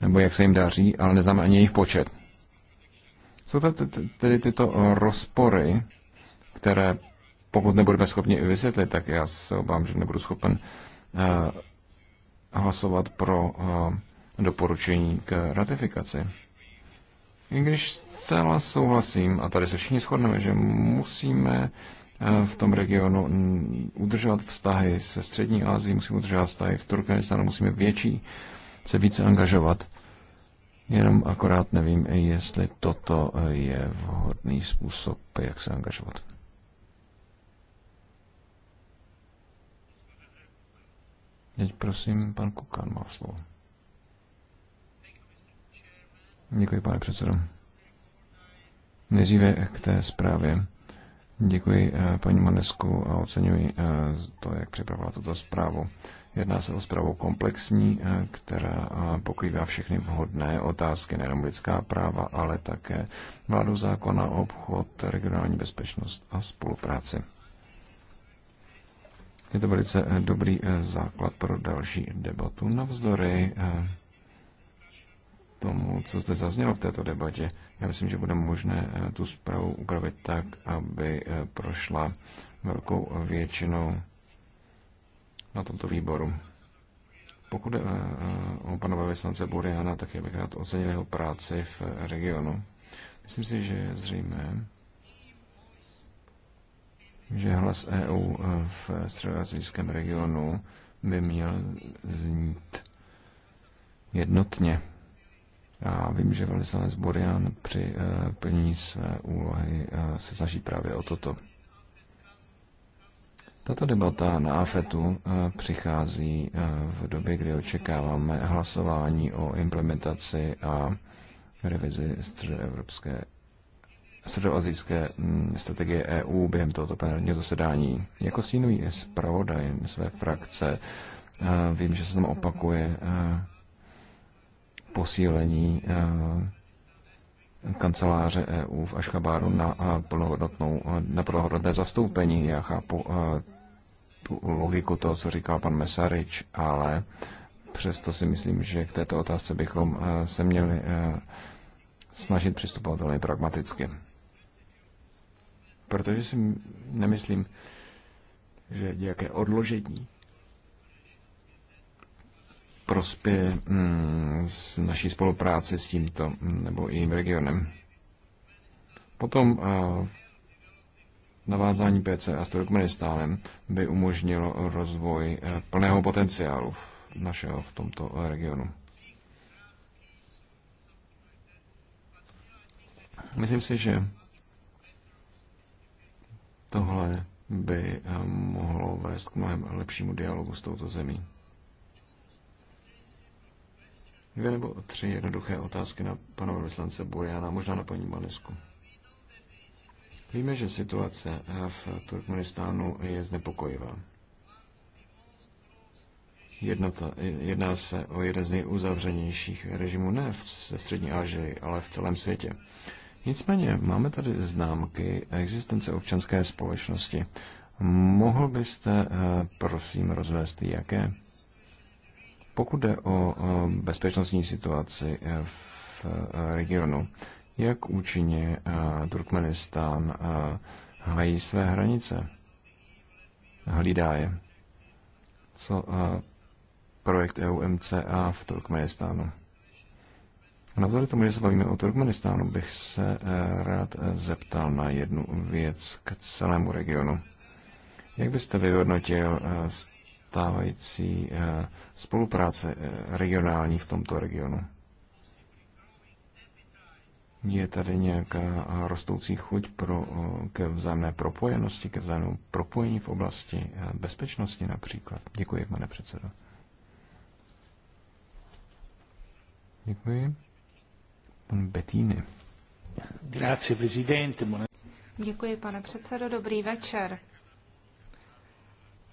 nebo jak se jim daří, ale neznáme ani jejich počet. Jsou to tedy tyto rozpory, které pokud nebudeme schopni vysvětlit, tak já se obávám, že nebudu schopen e, hlasovat pro doporučení k ratifikaci. I když zcela souhlasím, a tady se všichni shodneme, že musíme eh, v tom regionu udržovat vztahy se střední Asií, musíme udržovat vztahy v Turkmenistánu, musíme větší se více angažovat. Jenom akorát nevím, jestli toto eh, je vhodný způsob, jak se angažovat. Teď prosím, pan Kukan má slovo. Děkuji, pane předsedo. Nejdříve k té zprávě. Děkuji eh, paní Manesku a oceňuji eh, to, jak připravila tuto zprávu. Jedná se o zprávu komplexní, eh, která pokrývá všechny vhodné otázky, nejenom lidská práva, ale také vládu zákona, obchod, regionální bezpečnost a spolupráci. Je to velice dobrý základ pro další debatu navzdory tomu, co zde zaznělo v této debatě. Já myslím, že bude možné eh, tu zprávu upravit tak, aby eh, prošla velkou většinou na tomto výboru. Pokud je eh, o pana vyslance Buriana, tak je bych rád ocenil jeho práci v regionu. Myslím si, že je zřejmé, že hlas EU v středoazijském regionu by měl znít jednotně. Já vím, že velvyslanec Borian při eh, plnění své úlohy eh, se zaží právě o toto. Tato debata na AFETu eh, přichází v době, kdy očekáváme hlasování o implementaci a revizi středoevropské středoazijské mm, strategie EU během tohoto plenárního zasedání. Jako stínový zpravodaj své frakce vím, že se tam opakuje posílení eh, kanceláře EU v Ašchabáru na, eh, plnohodnotnou, eh, na plnohodnotné zastoupení. Já chápu tu logiku toho, co říkal pan Mesarič, ale přesto si myslím, že k této otázce bychom se měli snažit přistupovat velmi pragmaticky. Protože si nemyslím, že nějaké odložení prospěje mm, s naší spolupráci s tímto nebo jiným regionem. Potom eh, navázání a s Turkmenistánem by umožnilo rozvoj eh, plného potenciálu našeho v tomto eh, regionu. Myslím si, že tohle by mohlo vést k mnohem lepšímu dialogu s touto zemí. Dvě nebo tři jednoduché otázky na pana vyslance Buriana, možná na paní Manesku. Víme, že situace v Turkmenistánu je znepokojivá. Jednota, jedná se o jeden z nejuzavřenějších režimů, ne ve střední Asii, ale v celém světě. Nicméně máme tady známky existence občanské společnosti. Mohl byste, eh, prosím, rozvést jaké? Pokud jde o bezpečnostní situaci eh, v eh, regionu, jak účinně eh, Turkmenistán hájí své hranice? Hlídá je. Co projekt EUMCA v Turkmenistánu? Navzdory tomu, že se bavíme o Turkmenistánu, bych se rád zeptal na jednu věc k celému regionu. Jak byste vyhodnotil stávající eh, spolupráce eh, regionální v tomto regionu? Je tady nějaká eh, rostoucí chuť pro, ke vzájemné propojenosti, ke vzájemnému propojení v oblasti bezpečnosti například? Děkuji, pane předsedo. Děkuji. Pan Bettini. Grazie, presidente. Děkuji, pane předsedo. Dobrý večer.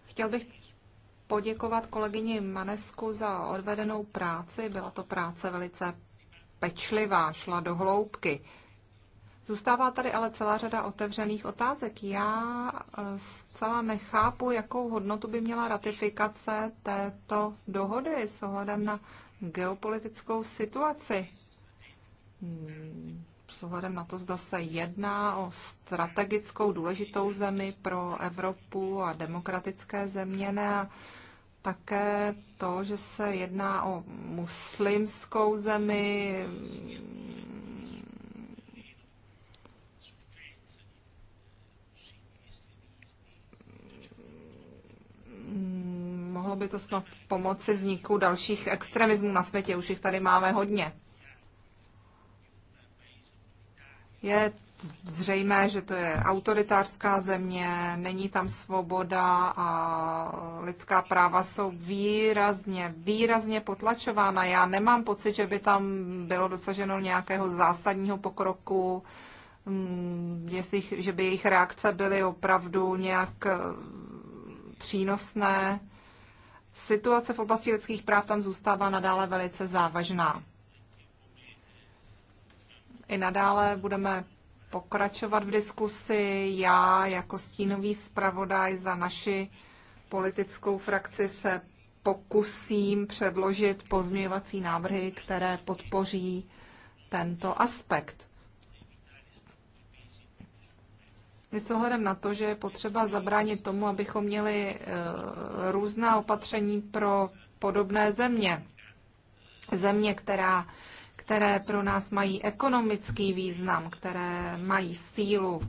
Chtěl bych poděkovat kolegyni Manesku za odvedenou práci. Byla to práce velice pečlivá, šla do hloubky. Zůstává tady ale celá řada otevřených otázek. Já eh, zcela nechápu, jakou hodnotu by měla ratifikace této dohody s ohledem na geopolitickou situaci. Hmm s ohledem na to, zda se jedná o strategickou důležitou zemi pro Evropu a demokratické země, ne a také to, že se jedná o muslimskou zemi, mohlo by to snad pomoci vzniku dalších extremismů na světě, už jich tady máme hodně. Je zřejmé, že to je autoritářská země, není tam svoboda a lidská práva jsou výrazně, výrazně potlačována. Já nemám pocit, že by tam bylo dosaženo nějakého zásadního pokroku, mm, jestli, že by jejich reakce byly opravdu nějak eh, přínosné. Situace v oblasti lidských práv tam zůstává nadále velice závažná i nadále budeme pokračovat v diskusi. Já jako stínový zpravodaj za naši politickou frakci se pokusím předložit pozměňovací návrhy, které podpoří tento aspekt. My s ohledem na to, že je potřeba zabránit tomu, abychom měli e, různá opatření pro podobné země. Země, která které pro nás mají ekonomický význam, které mají sílu.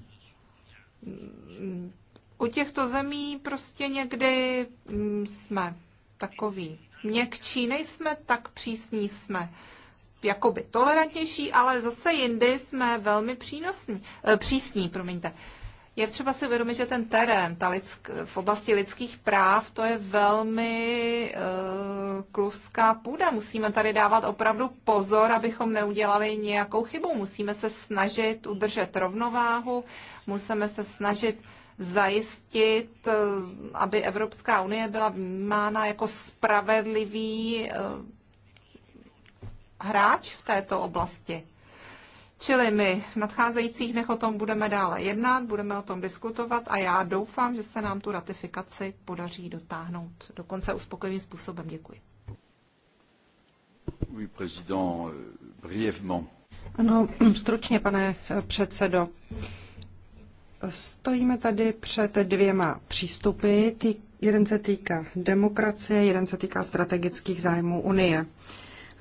U těchto zemí prostě někdy mm, jsme takový měkčí, nejsme tak přísní, jsme jakoby tolerantnější, ale zase jindy jsme velmi přínosní, eh, přísní, promiňte je třeba si uvědomit, že ten terén ta lidsk, v oblasti lidských práv, to je velmi e, kluská půda. Musíme tady dávat opravdu pozor, abychom neudělali nějakou chybu. Musíme se snažit udržet rovnováhu, musíme se snažit zajistit, eh, aby Evropská unie byla vnímána jako spravedlivý eh, hráč v této oblasti. Čili my v nadcházejících dnech o tom budeme dále jednat, budeme o tom diskutovat a já doufám, že se nám tu ratifikaci podaří dotáhnout dokonce uspokojivým způsobem. Děkuji. Oui, président, euh, brièvement. Ano, stručně, pane předsedo. Stojíme tady před dvěma přístupy. Jeden se týká demokracie, jeden se týká strategických zájmů Unie. Uh,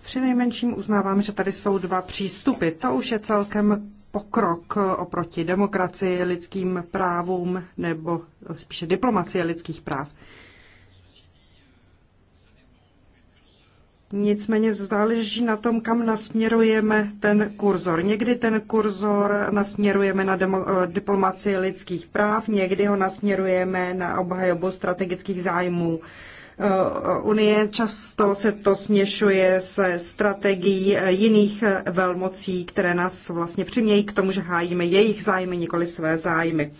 při nejmenším uznávám, že tady jsou dva přístupy. To už je celkem pokrok oproti demokracii, lidským právům nebo spíše diplomacie lidských práv. Nicméně záleží na tom, kam nasměrujeme ten kurzor. Někdy ten kurzor nasměrujeme na demo, eh, diplomacii lidských práv, někdy ho nasměrujeme na obhajobu strategických zájmů Eh, unie. Často se to směšuje se strategií eh, jiných eh, velmocí, které nás vlastně přimějí k tomu, že hájíme jejich zájmy, nikoli své zájmy.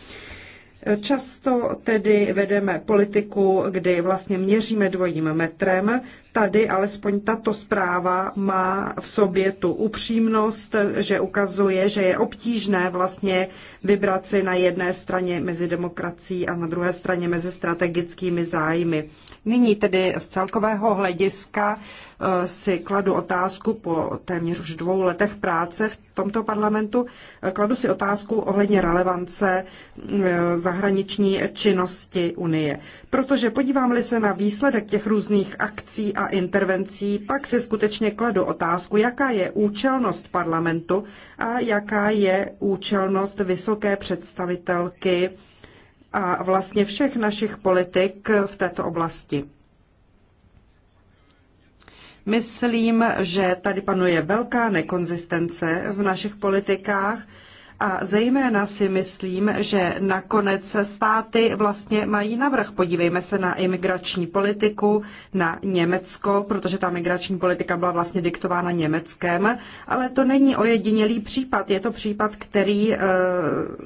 Často tedy vedeme politiku, kdy vlastně měříme dvojím metrem, tady alespoň tato zpráva má v sobě tu upřímnost, že ukazuje, že je obtížné vlastně vybrat si na jedné straně mezi demokracií a na druhé straně mezi strategickými zájmy. Nyní tedy z celkového hlediska eh, si kladu otázku po téměř už dvou letech práce v tomto parlamentu, eh, kladu si otázku ohledně relevance eh, zahraniční činnosti Unie. Protože podívám-li se na výsledek těch různých akcí a intervencí, pak si skutečně kladu otázku, jaká je účelnost parlamentu a jaká je účelnost vysoké představitelky a vlastně všech našich politik v této oblasti. Myslím, že tady panuje velká nekonzistence v našich politikách a zejména si myslím, že nakonec státy vlastně mají navrh. Podívejme se na imigrační politiku, na Německo, protože ta migrační politika byla vlastně diktována Německem, ale to není ojedinělý případ. Je to případ, který e,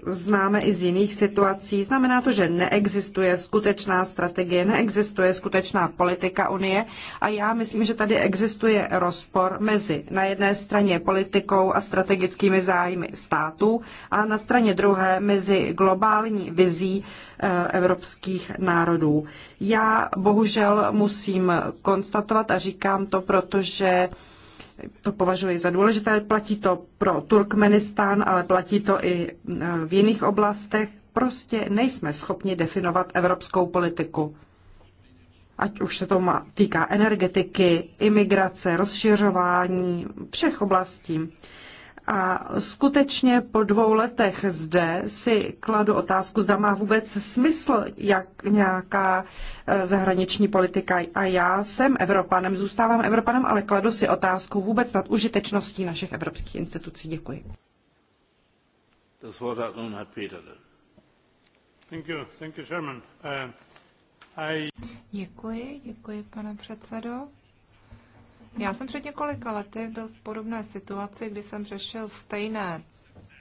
známe i z jiných situací. Znamená to, že neexistuje skutečná strategie, neexistuje skutečná politika Unie a já myslím, že tady existuje rozpor mezi na jedné straně politikou a strategickými zájmy států, a na straně druhé mezi globální vizí eh, evropských národů. Já bohužel musím konstatovat a říkám to, protože to považuji za důležité. Platí to pro Turkmenistán, ale platí to i eh, v jiných oblastech. Prostě nejsme schopni definovat evropskou politiku. Ať už se to má, týká energetiky, imigrace, rozšiřování, všech oblastí. A skutečně po dvou letech zde si kladu otázku, zda má vůbec smysl jak nějaká e, zahraniční politika. A já jsem Evropanem, zůstávám Evropanem, ale kladu si otázku vůbec nad užitečností našich evropských institucí. Děkuji. Das Wort hat nun Herr Peterle. Thank you, thank you, Chairman. Uh, I... Děkuji, děkuji, pane předsedo. Já jsem před několika lety byl v podobné situaci, kdy jsem řešil stejné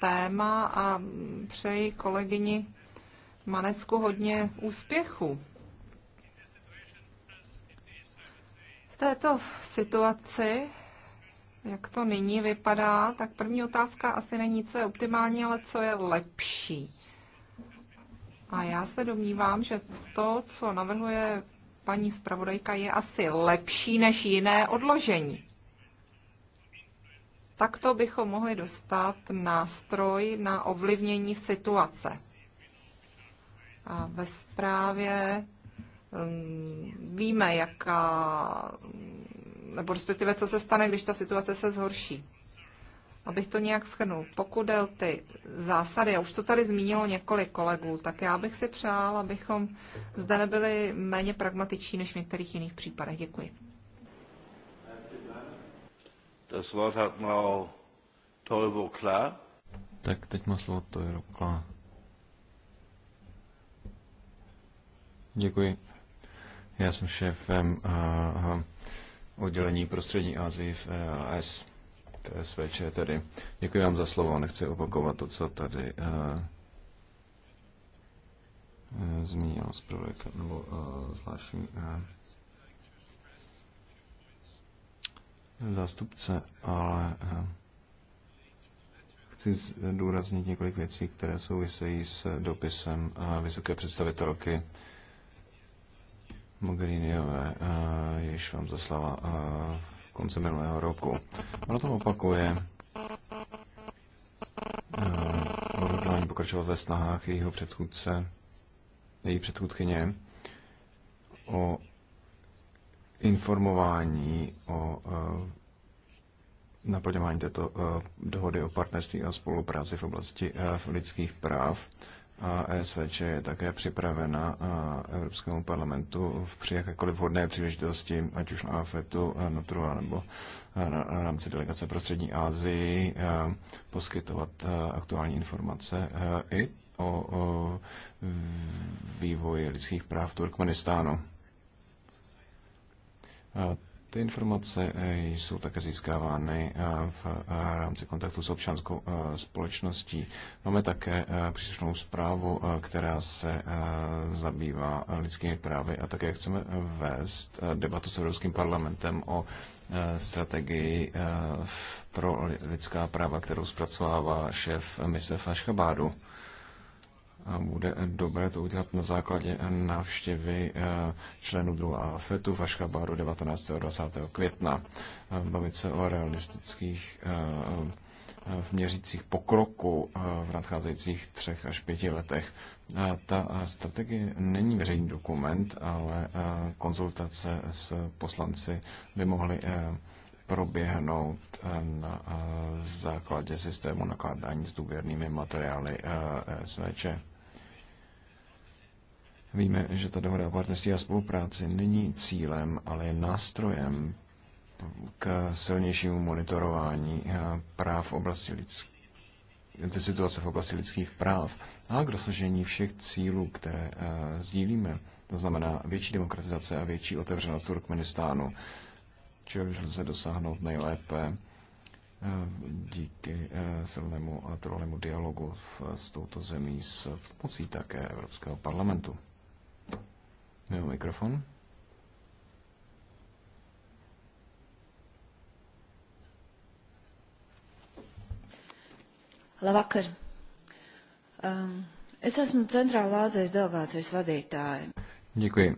téma a přeji kolegyni Manesku hodně úspěchu. V této situaci, jak to nyní vypadá, tak první otázka asi není, co je optimální, ale co je lepší. A já se domnívám, že to, co navrhuje paní zpravodajka je asi lepší než jiné odložení. Takto bychom mohli dostat nástroj na ovlivnění situace. A ve zprávě mm, víme, jaká, nebo respektive co se stane, když ta situace se zhorší abych to nějak schrnul, pokud jde o ty zásady, a už to tady zmínilo několik kolegů, tak já bych si přál, abychom zde nebyli méně pragmatiční než v některých jiných případech. Děkuji. Das Wort hat Frau Tolvo Klar. Tak teď má slovo Tolvo Klar. Děkuji. Já jsem šéfem uh, oddělení prostřední Azii v uh, e AS. SVČ tedy. Děkuji vám za slovo, nechci opakovat to, co tady uh, zmínil zpravodajka nebo uh, zvláštní uh, zástupce, ale uh, chci zdůraznit několik věcí, které souvisejí s dopisem uh, vysoké představitelky Mogheriniové, uh, jež vám zaslala uh, konce minulého roku. Ono to opakuje eh, odhodlání pokračovat ve snahách jejího předchůdce, její předchůdkyně o informování o eh, naplňování této eh, dohody o partnerství a spolupráci v oblasti lidských práv a ESVČ je také připravena a Evropskému parlamentu v při jakékoliv vhodné příležitosti, ať už na AFETu, na TRUA nebo na rámci delegace prostřední Ázii, poskytovat aktuální informace i o, o vývoji lidských práv v Turkmenistánu. Ty informace eh, jsou také získávány eh, v eh, rámci kontaktu s občanskou společností. Máme také příslušnou zprávu, která se zabývá lidskými právy a také chceme vést debatu s Evropským parlamentem o strategii pro lidská práva, kterou zpracovává šéf mise v bude dobré to udělat na základě návštěvy eh, členů druhá FETu v Ašchabáru 19. a 20. května. Eh, bavit se o realistických eh, v měřících pokroku v nadcházejících třech až pěti letech. Ta strategie není veřejný dokument, ale konzultace s poslanci by mohly proběhnout na základě systému nakládání s důvěrnými materiály SVČ. Víme, že ta dohoda o partnerství a spolupráci není cílem, ale je nástrojem k silnějšímu monitorování eh, práv v oblasti lidských ty situace v oblasti lidských práv a k dosažení všech cílů, které uh, sdílíme. To znamená větší demokratizace a větší otevřenost Turkmenistánu, čehož lze dosáhnout nejlépe uh, díky uh, silnému a trvalému dialogu v, s touto zemí s pomocí také Evropského parlamentu. Nebo mikrofon? Labvakar. Um, es esmu Centrālā Azijas delegācijas vadītāja. Děkuji.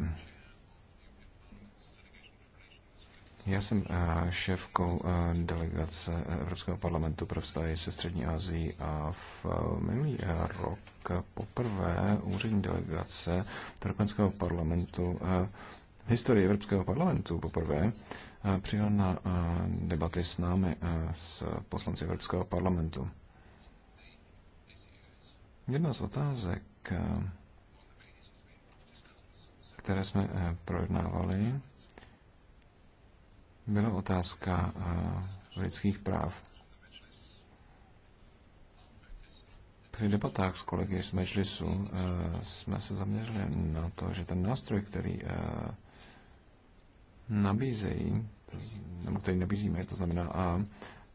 Já jsem eh, šéfkou eh, delegace Evropského parlamentu pro vztahy se Střední Asií a v eh, minulý rok poprvé úřední delegace Evropského parlamentu v historii Evropského parlamentu poprvé přijel na debaty s námi, s poslanci Evropského parlamentu. Jedna z otázek, které jsme projednávali, byla otázka eh, lidských práv. Při debatách s kolegy z Medžlisu eh, jsme se zaměřili na to, že ten nástroj, který eh, nabízejí, nebo který nabízíme, to znamená a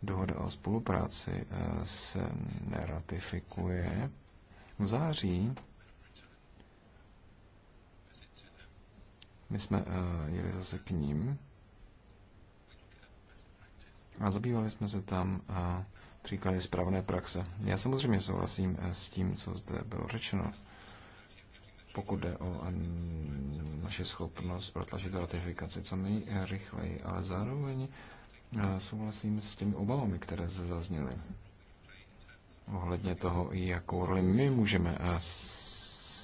dohoda o spolupráci se neratifikuje. V září my jsme jeli zase k ním a zabývali jsme se tam a eh, příklady správné praxe. Já samozřejmě souhlasím eh, s tím, co zde bylo řečeno, pokud jde o eh, naše schopnost protlačit ratifikaci co nejrychleji, ale zároveň souhlasím s těmi obavami, které se zazněly ohledně toho, jakou roli my můžeme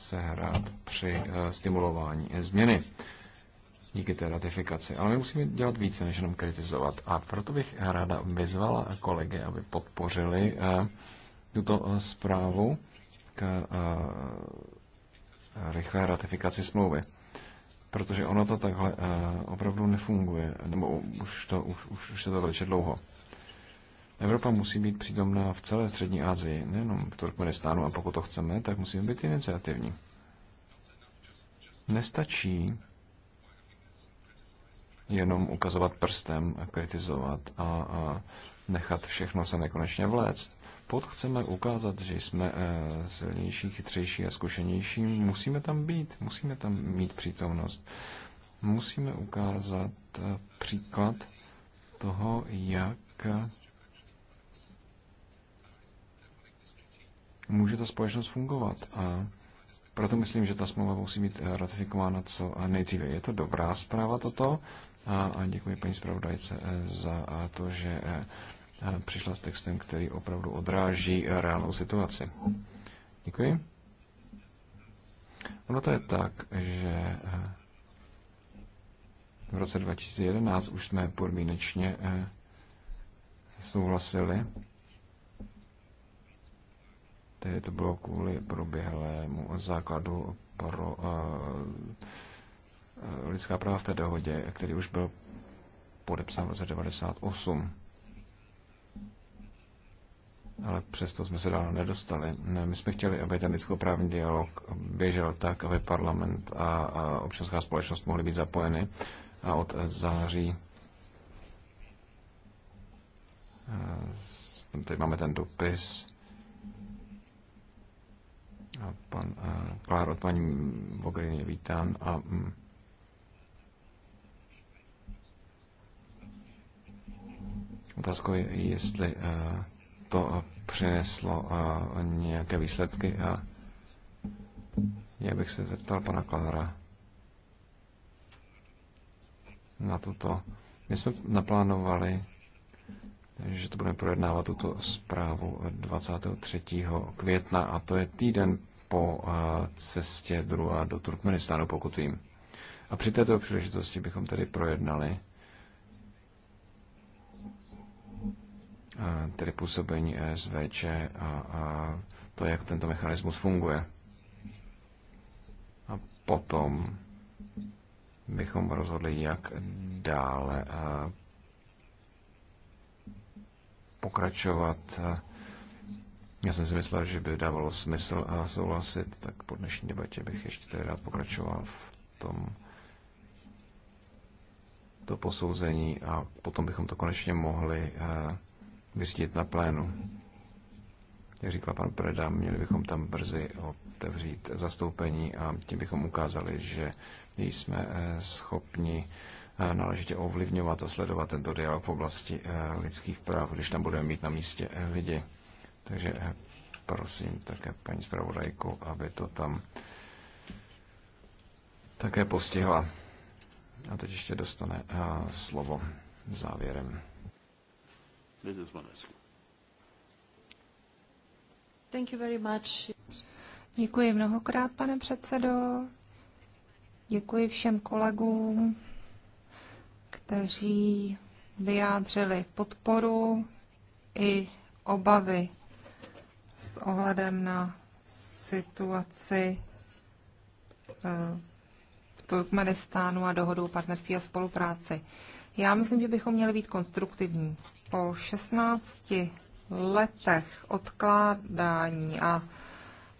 sehrát při stimulování změny díky té ratifikaci. Ale my musíme dělat více, než jenom kritizovat. A proto bych ráda vyzvala kolegy, aby podpořili eh, tuto eh, zprávu k eh, rychlé ratifikaci smlouvy. Protože ono to takhle opravdu nefunguje, nebo už, to, už, už, už se to vleče dlouho. Evropa musí být přítomná v celé střední Asii, nejenom v Turkmenistánu, a pokud to chceme, tak musíme být iniciativní. Nestačí jenom ukazovat prstem, kritizovat a, a nechat všechno se nekonečně vléct. Pod chceme ukázat, že jsme eh, silnější, chytřejší a zkušenější, musíme tam být, musíme tam mít přítomnost. Musíme ukázat eh, příklad toho, jak eh, může ta společnost fungovat. A proto myslím, že ta smlouva musí být ratifikována co nejdříve. Je to dobrá zpráva toto. A děkuji paní zpravodajce eh, za to, že eh, eh, přišla s textem, který opravdu odráží reálnou situaci. Děkuji. Ono to je tak, že v roce 2011 už jsme podmínečně souhlasili. Tedy to bylo kvůli proběhlému základu pro uh, lidská práva v té dohodě, který už byl podepsán v roce 1998. Ale přesto jsme se dál nedostali. Ne, my jsme chtěli, aby ten lidskoprávní dialog běžel tak, aby parlament a, a občanská společnost mohly být zapojeny. A od září eh, teď máme ten dopis a pan eh, Klár od paní Vogrin je vítán a mm, Otázkou je, jestli eh, to eh, přineslo eh, nějaké výsledky a já bych se zeptal pana Klára na toto. My jsme naplánovali, že to budeme projednávat tuto zprávu 23. května a to je týden po cestě druhá do Turkmenistánu, pokud vím. A při této příležitosti bychom tedy projednali tedy působení ESVČ a, a to, jak tento mechanismus funguje. A potom bychom rozhodli, jak dále pokračovat. Já jsem si myslel, že by dávalo smysl souhlasit, tak po dnešní debatě bych ještě tedy rád pokračoval v tom to posouzení a potom bychom to konečně mohli vyřídit na plénu. Jak říkal pan Preda, měli bychom tam brzy otevřít zastoupení a tím bychom ukázali, že jsme eh, schopni eh, náležitě ovlivňovat a sledovat tento dialog v oblasti eh, lidských práv, když tam budeme mít na místě lidi. Takže prosím také paní zpravodajku, aby to tam také postihla. A teď ještě dostane slovo závěrem. Děkuji mnohokrát, pane předsedo. Děkuji všem kolegům, kteří vyjádřili podporu i obavy s ohledem na situaci eh, v Turkmenistánu a dohodu o partnerství a spolupráci. Já myslím, že bychom měli být konstruktivní po 16 letech odkládání a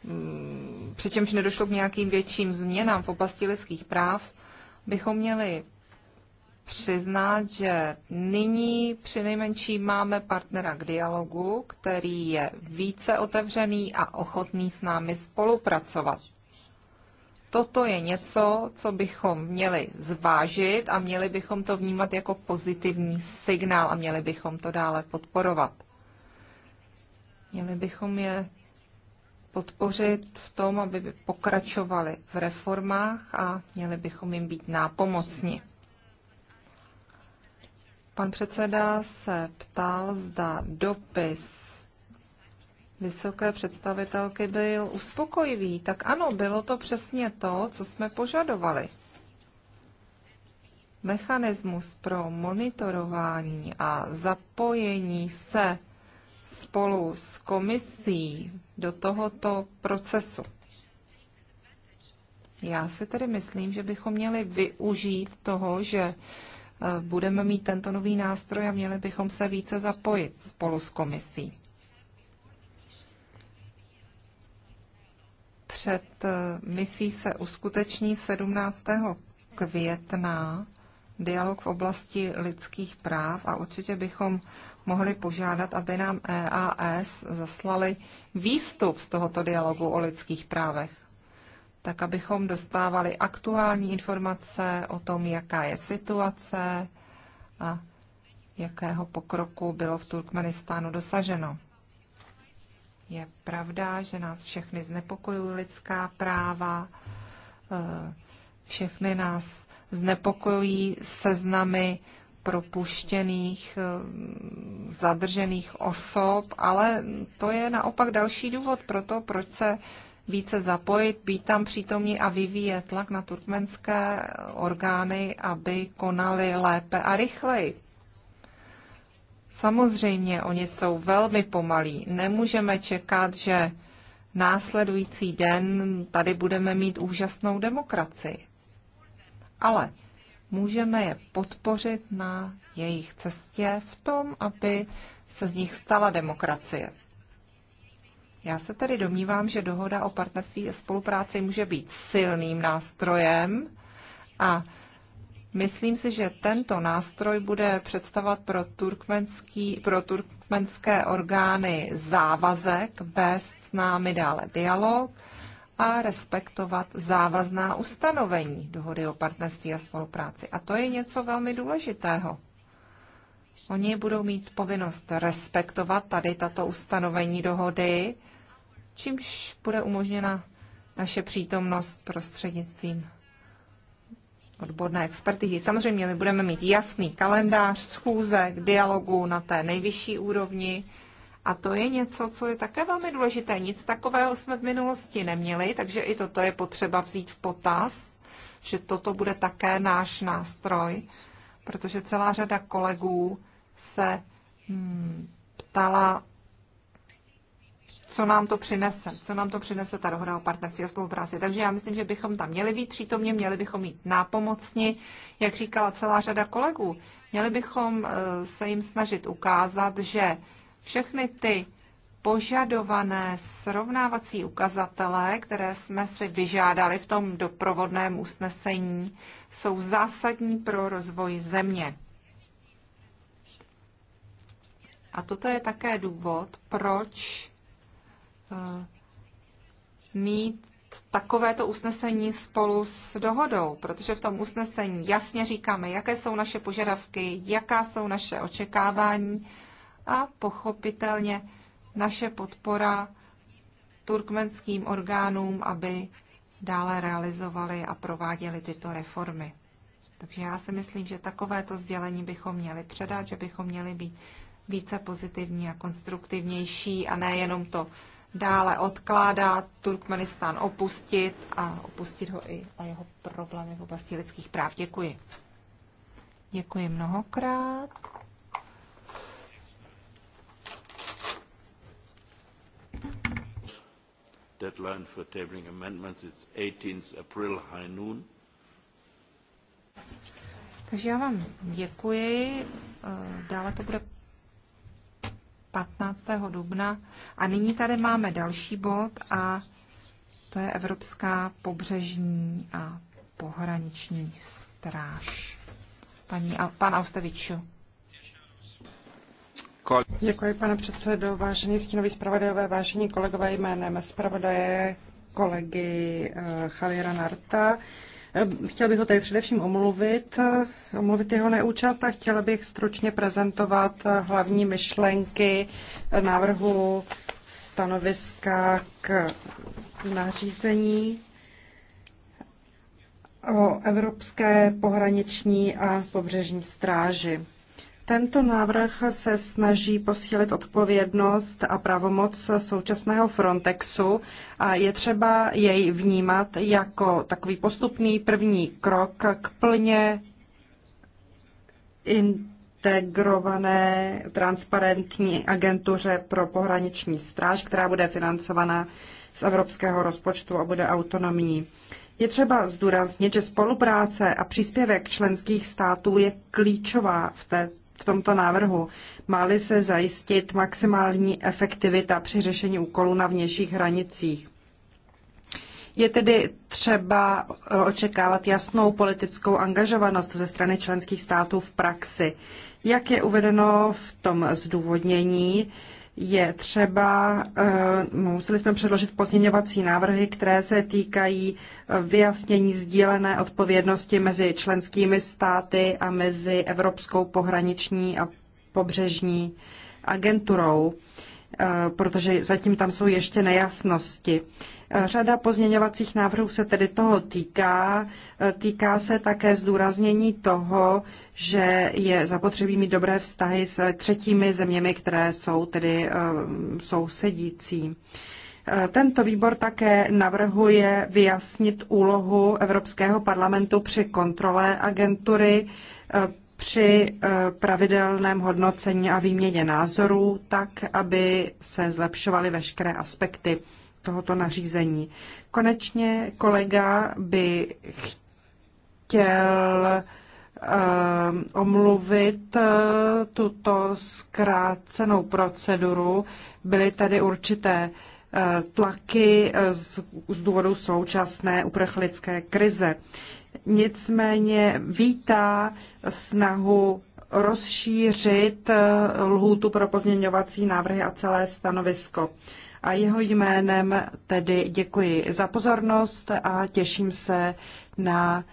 mm, přičemž nedošlo k nějakým větším změnám v oblasti lidských práv, bychom měli přiznat, že nyní při nejmenší máme partnera k dialogu, který je více otevřený a ochotný s námi spolupracovat toto je něco, co bychom měli zvážit a měli bychom to vnímat jako pozitivní signál a měli bychom to dále podporovat. Měli bychom je podpořit v tom, aby pokračovali v reformách a měli bychom jim být nápomocni. Pan předseda se ptal, zda dopis vysoké představitelky byl uspokojivý, tak ano, bylo to přesně to, co jsme požadovali. Mechanismus pro monitorování a zapojení se spolu s komisí do tohoto procesu. Já si tedy myslím, že bychom měli využít toho, že eh, budeme mít tento nový nástroj a měli bychom se více zapojit spolu s komisí. před eh, misí se uskuteční 17. května dialog v oblasti lidských práv a určitě bychom mohli požádat, aby nám EAS zaslali výstup z tohoto dialogu o lidských právech, tak abychom dostávali aktuální informace o tom, jaká je situace a jakého pokroku bylo v Turkmenistánu dosaženo. Je pravda, že nás všechny znepokojují lidská práva, eh, všechny nás znepokojují seznamy propuštěných, eh, zadržených osob, ale to je naopak další důvod pro to, proč se více zapojit, být tam přítomní a vyvíjet tlak na turkmenské orgány, aby konali lépe a rychleji. Samozřejmě, oni jsou velmi pomalí. Nemůžeme čekat, že následující den tady budeme mít úžasnou demokracii. Ale můžeme je podpořit na jejich cestě v tom, aby se z nich stala demokracie. Já se tedy domnívám, že dohoda o partnerství a spolupráci může být silným nástrojem a Myslím si, že tento nástroj bude představovat pro, turkmenský, pro turkmenské orgány závazek vést s námi dále dialog a respektovat závazná ustanovení dohody o partnerství a spolupráci. A to je něco velmi důležitého. Oni budou mít povinnost respektovat tady tato ustanovení dohody, čímž bude umožněna naše přítomnost prostřednictvím odborné expertizy. Samozřejmě my budeme mít jasný kalendář schůzek, dialogu na té nejvyšší úrovni a to je něco, co je také velmi důležité. Nic takového jsme v minulosti neměli, takže i toto je potřeba vzít v potaz, že toto bude také náš nástroj, protože celá řada kolegů se hmm, ptala co nám to přinese, co nám to přinese ta dohoda o partnerství a spolupráci. Takže já myslím, že bychom tam měli být přítomně, měli bychom mít nápomocni, jak říkala celá řada kolegů. Měli bychom eh, se jim snažit ukázat, že všechny ty požadované srovnávací ukazatele, které jsme si vyžádali v tom doprovodném usnesení, jsou zásadní pro rozvoj země. A toto je také důvod, proč Eh, mít takovéto usnesení spolu s dohodou, protože v tom usnesení jasně říkáme, jaké jsou naše požadavky, jaká jsou naše očekávání a pochopitelně naše podpora turkmenským orgánům, aby dále realizovali a prováděli tyto reformy. Takže já si myslím, že takovéto sdělení bychom měli předat, že bychom měli být více pozitivní a konstruktivnější a nejenom to dále odkládá Turkmenistán opustit a opustit ho i a jeho problémy v oblasti lidských práv. Děkuji. Děkuji mnohokrát. Deadline for tabling amendments is 18th April high noon. Takže já vám děkuji. Eh, dále to bude 15. dubna. A nyní tady máme další bod a to je Evropská pobřežní a pohraniční stráž. Paní, pan Austeviču. Děkuji, pane předsedo, vážení stínoví zpravodajové, vážení kolegové jménem zpravodaje kolegy eh, Javiera Narta Ehm, Chtěl bych ho tady především omluvit, eh, omluvit jeho neúčast a chtěla bych stručně prezentovat eh, hlavní myšlenky eh, návrhu stanoviska k nařízení o Evropské pohraniční a pobřežní stráži. Tento návrh se snaží posílit odpovědnost a pravomoc současného Frontexu a je třeba jej vnímat jako takový postupný první krok k plně integrované transparentní agentuře pro pohraniční stráž, která bude financovaná z evropského rozpočtu a bude autonomní. Je třeba zdůraznit, že spolupráce a příspěvek členských států je klíčová v té v tomto návrhu. Máli se zajistit maximální efektivita při řešení úkolů na vnějších hranicích. Je tedy třeba e, očekávat jasnou politickou angažovanost ze strany členských států v praxi. Jak je uvedeno v tom zdůvodnění, je třeba, eh, museli jsme předložit pozměňovací návrhy, které se týkají eh, vyjasnění sdílené odpovědnosti mezi členskými státy a mezi Evropskou pohraniční a pobřežní agenturou. Eh, protože zatím tam jsou ještě nejasnosti. Eh, řada pozměňovacích návrhů se tedy toho týká. Eh, týká se také zdůraznění toho, že je zapotřebí mít dobré vztahy s třetími zeměmi, které jsou tedy sousedící. Tento výbor také navrhuje vyjasnit úlohu Evropského parlamentu při kontrole agentury při eh, pravidelném hodnocení a výměně názorů, tak aby se zlepšovaly veškeré aspekty tohoto nařízení. Konečně kolega by chtěl eh, omluvit eh, tuto zkrácenou proceduru. Byly tady určité tlaky z, z důvodu současné uprchlické krize nicméně vítá snahu rozšířit eh, lhůtu pro pozměňovací návrhy a celé stanovisko. A jeho jménem tedy děkuji za pozornost a těším se na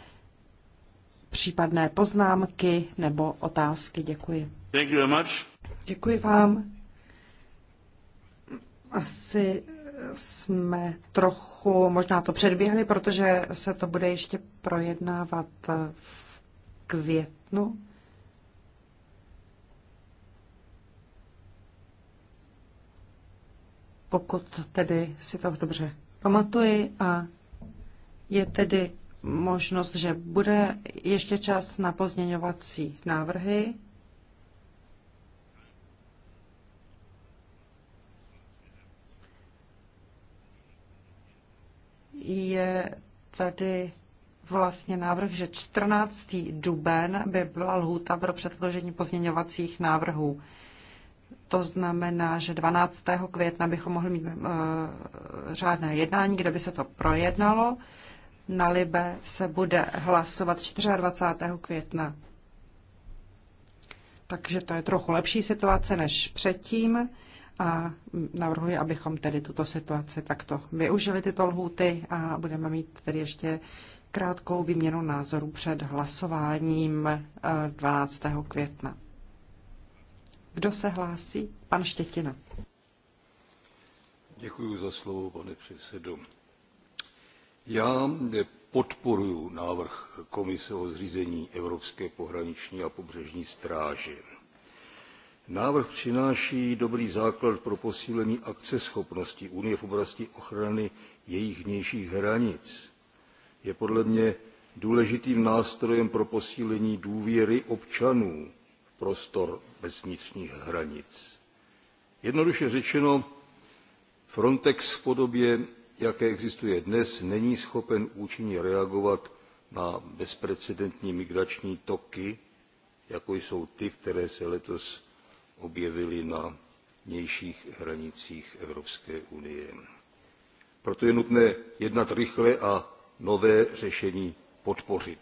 případné poznámky nebo otázky. Děkuji. Thank you very much. Děkuji vám. Asi jsme trochu možná to předběhli, protože se to bude ještě projednávat v květnu. Pokud tedy si to dobře pamatuji a je tedy možnost, že bude ještě čas na pozměňovací návrhy je tady vlastně návrh, že 14. duben by byla lhůta pro předložení pozměňovacích návrhů. To znamená, že 12. května bychom mohli mít uh, řádné jednání, kde by se to projednalo. Na Libe se bude hlasovat 24. května. Takže to je trochu lepší situace než předtím a navrhuji, abychom tedy tuto situaci takto využili tyto lhůty a budeme mít tedy ještě krátkou výměnu názorů před hlasováním 12. Eh, května. Kdo se hlásí? Pan Štětina. Děkuji za slovo, pane předsedo. Já podporuji návrh Komise o zřízení Evropské pohraniční a pobřežní stráže Návrh přináší dobrý základ pro posílení akceschopnosti Unie v oblasti ochrany jejich vnějších hranic. Je podle mě důležitým nástrojem pro posílení důvěry občanů v prostor bez vnitřních hranic. Jednoduše řečeno, Frontex v podobě, jaké existuje dnes, není schopen účinně reagovat na bezprecedentní migrační toky, jako jsou ty, které se letos objevily na vnějších hranicích Evropské unie. Proto je nutné jednat rychle a nové řešení podpořit.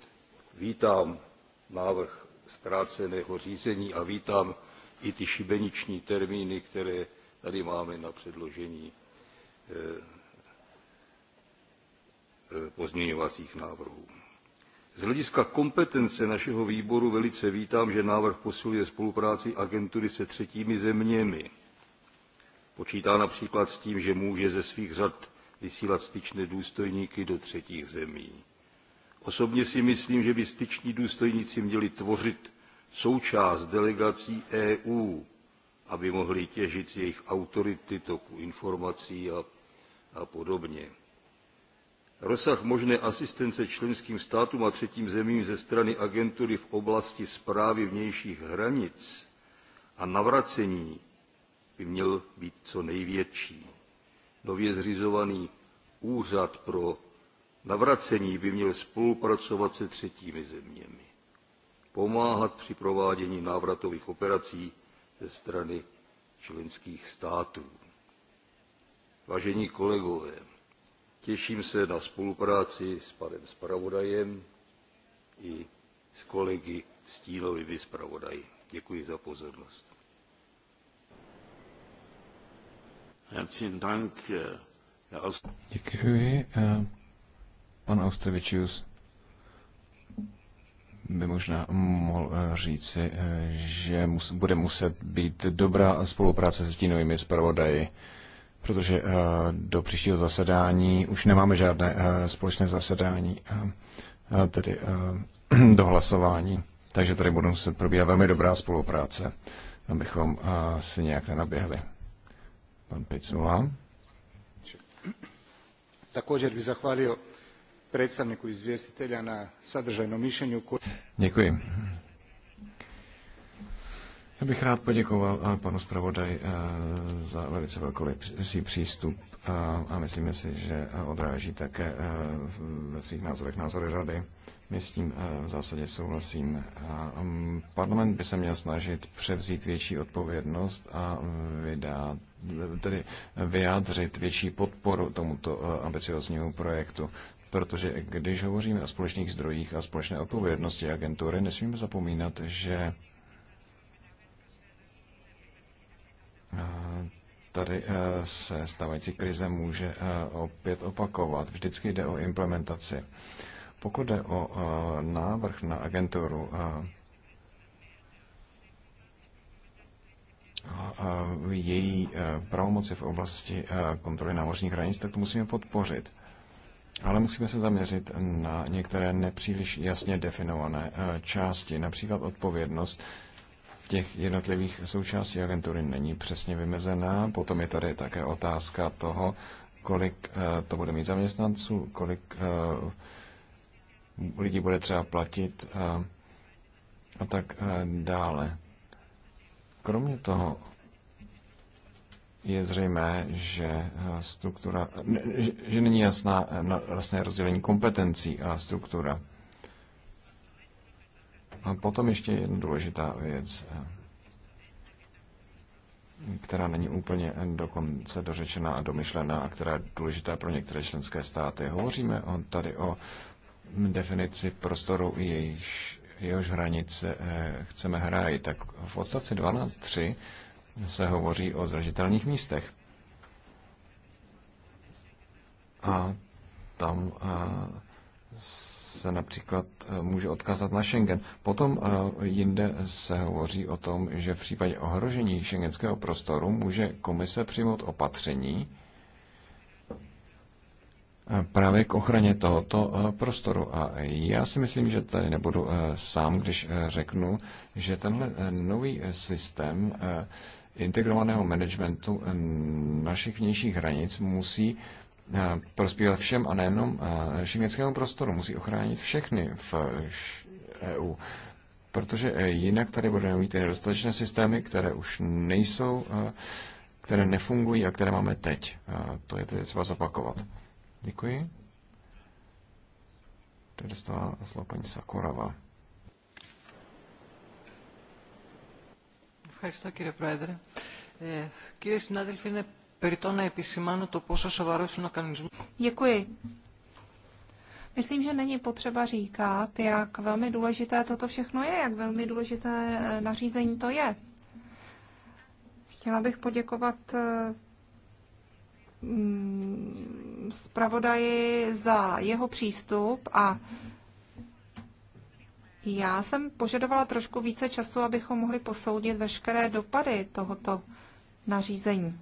Vítám návrh zkráceného řízení a vítám i ty šibeniční termíny, které tady máme na předložení eh, eh, pozměňovacích návrhů. Z hlediska kompetence našeho výboru velice vítám, že návrh posiluje spolupráci agentury se třetími zeměmi. Počítá například s tím, že může ze svých řad vysílat styčné důstojníky do třetích zemí. Osobně si myslím, že by styční důstojníci měli tvořit součást delegací EU, aby mohli těžit z jejich autority, toku informací a, a podobně. Rozsah možné asistence členským státům a třetím zemím ze strany agentury v oblasti správy vnějších hranic a navracení by měl být co největší. Nově zřizovaný úřad pro navracení by měl spolupracovat se třetími zeměmi, pomáhat při provádění návratových operací ze strany členských států. Vážení kolegové, Těším se na spolupráci s panem zpravodajem i s kolegy stínovými zpravodaji. Děkuji za pozornost. Eh, Děkuji. Eh, pan Austrovičius by možná mohl eh, říci, že bude muset být dobrá spolupráce s stínovými zpravodaji protože eh, do příštího zasedání už nemáme žádné eh, společné zasedání, eh, tedy do hlasování. Takže tady budou se probíhat velmi dobrá spolupráce, abychom si nějak nenaběhli. Pan Picula. Također bych zachválil predstavniku izvjestitelja na sadržajnom mišljenju. Děkuji. Já bych rád poděkoval eh, panu zpravodaj eh, za velice velkolepý přístup eh, a myslíme si, že odráží také ve svých názorech názory rady. My s tím v zásadě souhlasím. Mm, parlament by se měl snažit převzít větší odpovědnost a vydat, tedy vyjádřit větší podporu tomuto ambicioznímu projektu. Protože když hovoříme o společných zdrojích a společné odpovědnosti agentury, nesmíme zapomínat, že tady eh, se stávající krize může eh, opět opakovat. Vždycky jde o implementaci. Pokud jde o eh, návrh na agenturu, její pravomoci v oblasti kontroly námořních hranic, tak to musíme podpořit. Ale musíme se zaměřit na některé nepříliš jasně definované části, například odpovědnost těch jednotlivých součástí agentury není přesně vymezená. Potom je tady také otázka toho, kolik eh, to bude mít zaměstnanců, kolik eh, lidí bude třeba platit eh, a tak dále. Kromě toho je zřejmé, že struktura, že není jasná, jasné vlastně rozdělení kompetencí a struktura. A potom ještě jedna důležitá věc, eh, která není úplně dokonce dořečená a domyšlená a která je důležitá pro některé členské státy. Hovoříme on tady o definici prostoru, jejíž, jehož hranice eh, chceme hrát. Tak v odstavci 12.3 se hovoří o zražitelných místech. A tam eh, se například eh, může odkázat na Schengen. Potom eh, jinde se hovoří o tom, že v případě ohrožení šengenského prostoru může komise přijmout opatření eh, právě k ochraně tohoto prostoru. A já si myslím, že tady nebudu sám, když řeknu, že tenhle nový systém integrovaného managementu našich vnějších hranic musí Eh, prospívat všem a nejenom eh, šengenskému prostoru. Musí ochránit všechny v EU. Eh, e Protože jinak tady budeme mít ty nedostatečné systémy, které už nejsou, které nefungují a které máme teď. To je tedy třeba zopakovat. Děkuji. Tady dostala slovo paní Sakorava. Ευχαριστώ κύριε Πρόεδρε. Ε, κύριε συνάδελφοι, είναι Děkuji. Myslím, že není potřeba říkat, jak velmi důležité toto všechno je, jak velmi důležité eh, nařízení to je. Chtěla bych poděkovat eh, mm, zpravodaji za jeho přístup a já jsem požadovala trošku více času, abychom mohli posoudit veškeré dopady tohoto nařízení.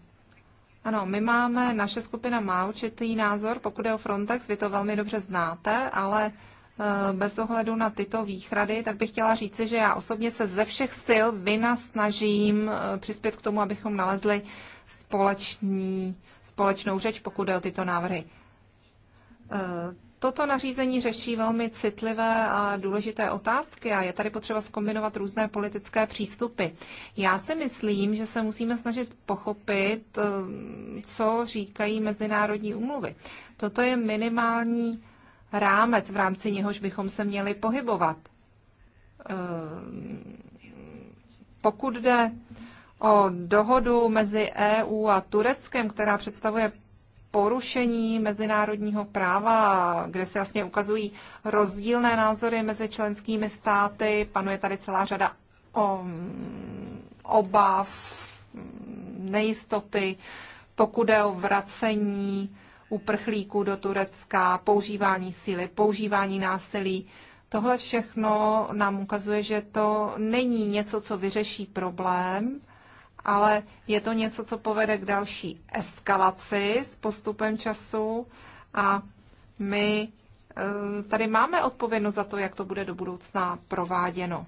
Ano, my máme, naše skupina má určitý názor, pokud je o Frontex, vy to velmi dobře znáte, ale eh, bez ohledu na tyto výhrady, tak bych chtěla říci, že já osobně se ze všech sil vynasnažím eh, přispět k tomu, abychom nalezli společný, společnou řeč, pokud je o tyto návrhy. Eh, Toto nařízení řeší velmi citlivé a důležité otázky a je tady potřeba skombinovat různé politické přístupy. Já si myslím, že se musíme snažit pochopit, eh, co říkají mezinárodní umluvy. Toto je minimální rámec, v rámci něhož bychom se měli pohybovat. Eh, pokud jde o dohodu mezi EU a Tureckem, která představuje porušení mezinárodního práva, kde se jasně ukazují rozdílné názory mezi členskými státy. Panuje tady celá řada um, obav, nejistoty, pokud je o vracení uprchlíků do Turecka, používání síly, používání násilí. Tohle všechno nám ukazuje, že to není něco, co vyřeší problém, ale je to něco, co povede k další eskalaci s postupem času a my eh, tady máme odpovědnost za to, jak to bude do budoucna prováděno.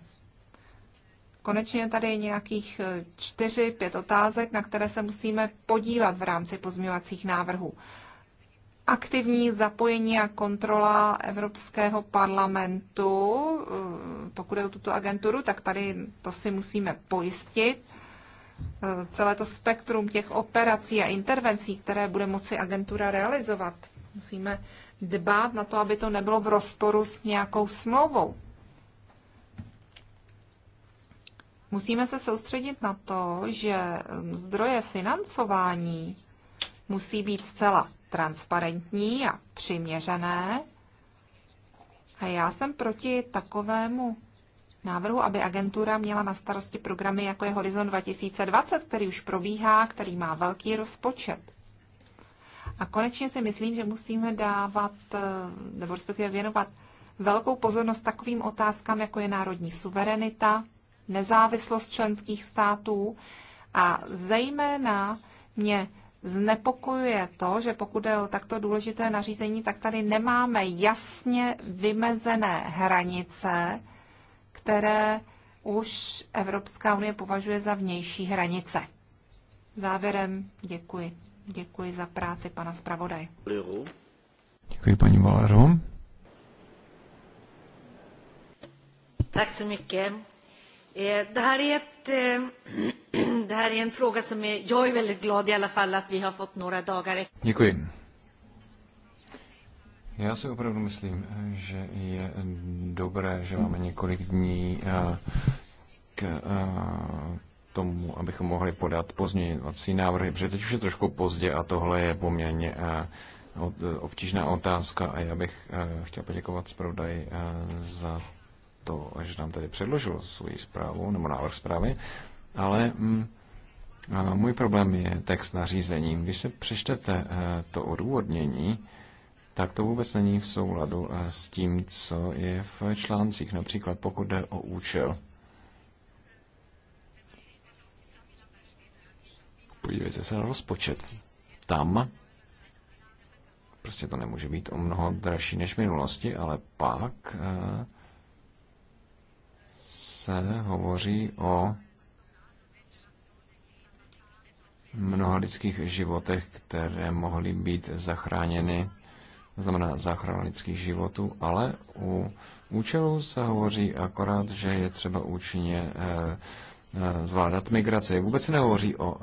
Konečně tady je nějakých eh, čtyři, pět otázek, na které se musíme podívat v rámci pozměňovacích návrhů. Aktivní zapojení a kontrola Evropského parlamentu, eh, pokud je o tuto agenturu, tak tady to si musíme pojistit. Eh, celé to spektrum těch operací a intervencí, které bude moci agentura realizovat. Musíme dbát na to, aby to nebylo v rozporu s nějakou smlouvou. Musíme se soustředit na to, že mm, zdroje financování musí být zcela transparentní a přiměřené. A já jsem proti takovému návrhu, aby agentura měla na starosti programy jako je Horizon 2020, který už probíhá, který má velký rozpočet. A konečně si myslím, že musíme dávat, eh, nebo respektive věnovat velkou pozornost takovým otázkám, jako je národní suverenita, nezávislost členských států a zejména mě znepokojuje to, že pokud je o takto důležité nařízení, tak tady nemáme jasně vymezené hranice, které už Evropská unie považuje za vnější hranice. Závěrem děkuji. Děkuji za práci pana zpravodaj. Děkuji paní Valero. Tak så mycket. Eh, det här är ett eh, Det här är en fråga som är, jag är väldigt glad i alla fall att vi har fått några dagar Děkuji. Já si opravdu myslím, že je dobré, že máme několik dní eh, k eh, tomu, abychom mohli podat pozměňovací návrhy, protože teď už je trošku pozdě a tohle je poměrně eh, obtížná otázka a já bych chtěl poděkovat zpravodaji za to, že nám tady předložil svoji zprávu nebo návrh zprávy, ale mm, můj problém je text nařízení. Když se přečtete to odůvodnění, tak to vůbec není v souladu eh, s tím, co je v článcích, například pokud jde o účel. Podívejte se na rozpočet. Tam prostě to nemůže být o mnoho dražší než v minulosti, ale pak eh, se hovoří o mnoha lidských životech, které mohly být zachráněny to znamená záchrana lidských životů, ale u účelu se hovoří akorát, že je třeba účinně eh, eh, zvládat migraci. Vůbec se nehovoří o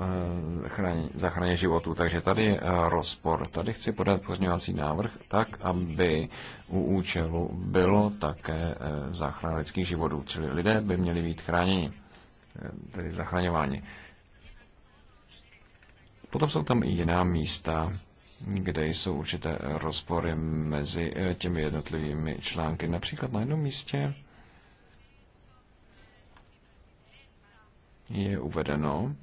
eh, záchraně životů, takže tady je rozpor. Tady chci podat pozměňovací návrh tak, aby u účelu bylo také záchrana lidských životů, čili lidé by měli být chráněni, tedy zachraňováni. Potom jsou tam i jiná místa, kde jsou určité rozpory mezi eh, těmi jednotlivými články. Například na jednom místě je uvedeno,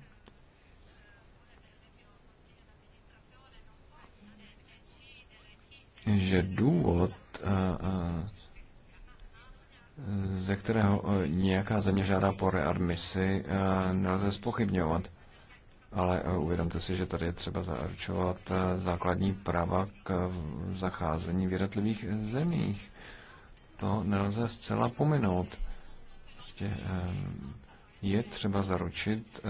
že důvod, eh, eh, ze kterého nějaká země žádá po readmisi, nelze spochybňovat ale eh, uvědomte si, že tady je třeba zaručovat eh, základní práva k eh, zacházení v jednotlivých zemích. To nelze zcela pominout. Prostě je třeba zaručit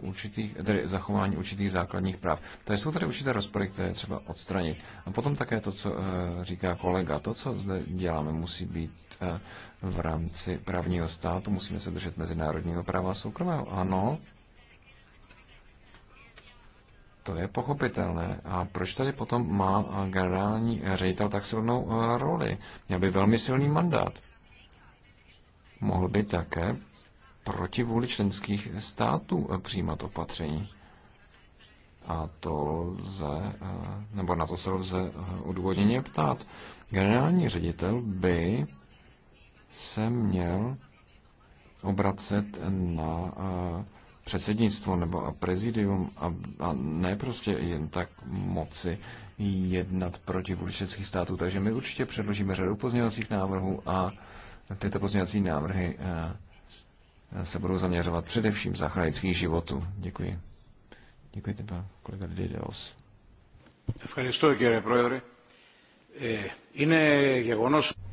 určitých, tedy zachování určitých základních práv. Tady jsou tady určité rozpory, které je třeba odstranit. A potom také to, co říká kolega, to, co zde děláme, musí být v rámci právního státu, musíme se držet mezinárodního práva soukromého. Ano, to je pochopitelné. A proč tady potom má generální ředitel tak silnou eh, roli? Měl by velmi silný mandát. Mohl by také proti vůli členských států eh, přijímat opatření. A to lze, eh, nebo na to se lze odvodněně ptát. Generální ředitel by se měl obracet na předsednictvo nebo a prezidium a, a ne prostě jen tak moci jednat proti vůli českých států. Takže my určitě předložíme řadu pozměňovacích návrhů a tyto pozměňovací návrhy eh, se budou zaměřovat především záchrany lidských životů. Děkuji. Děkuji tebe, kolega Dideos.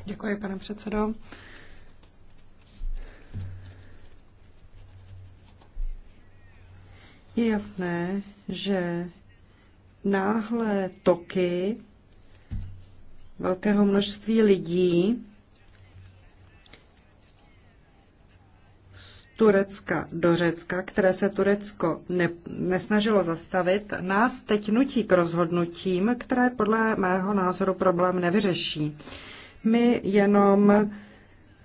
Děkuji, pane předsedo. Je jasné, že náhle toky velkého množství lidí z Turecka do Řecka, které se Turecko ne, nesnažilo zastavit, nás teď nutí k rozhodnutím, které podle mého názoru problém nevyřeší. My jenom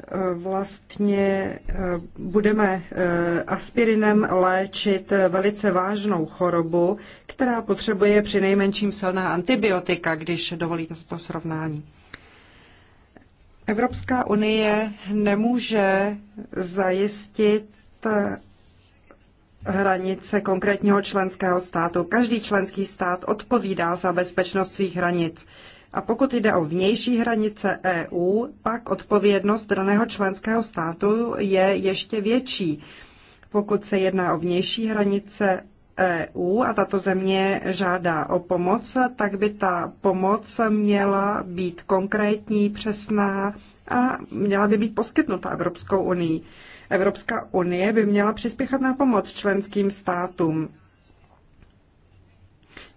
Eh, vlastně eh, budeme eh, aspirinem léčit velice vážnou chorobu, která potřebuje při nejmenším silná antibiotika, když dovolíte toto srovnání. Evropská unie nemůže zajistit hranice konkrétního členského státu. Každý členský stát odpovídá za bezpečnost svých hranic. A pokud jde o vnější hranice EU, pak odpovědnost daného členského státu je ještě větší. Pokud se jedná o vnější hranice EU a tato země žádá o pomoc, tak by ta pomoc měla být konkrétní, přesná a měla by být poskytnuta Evropskou unii. Evropská unie by měla přispěchat na pomoc členským státům.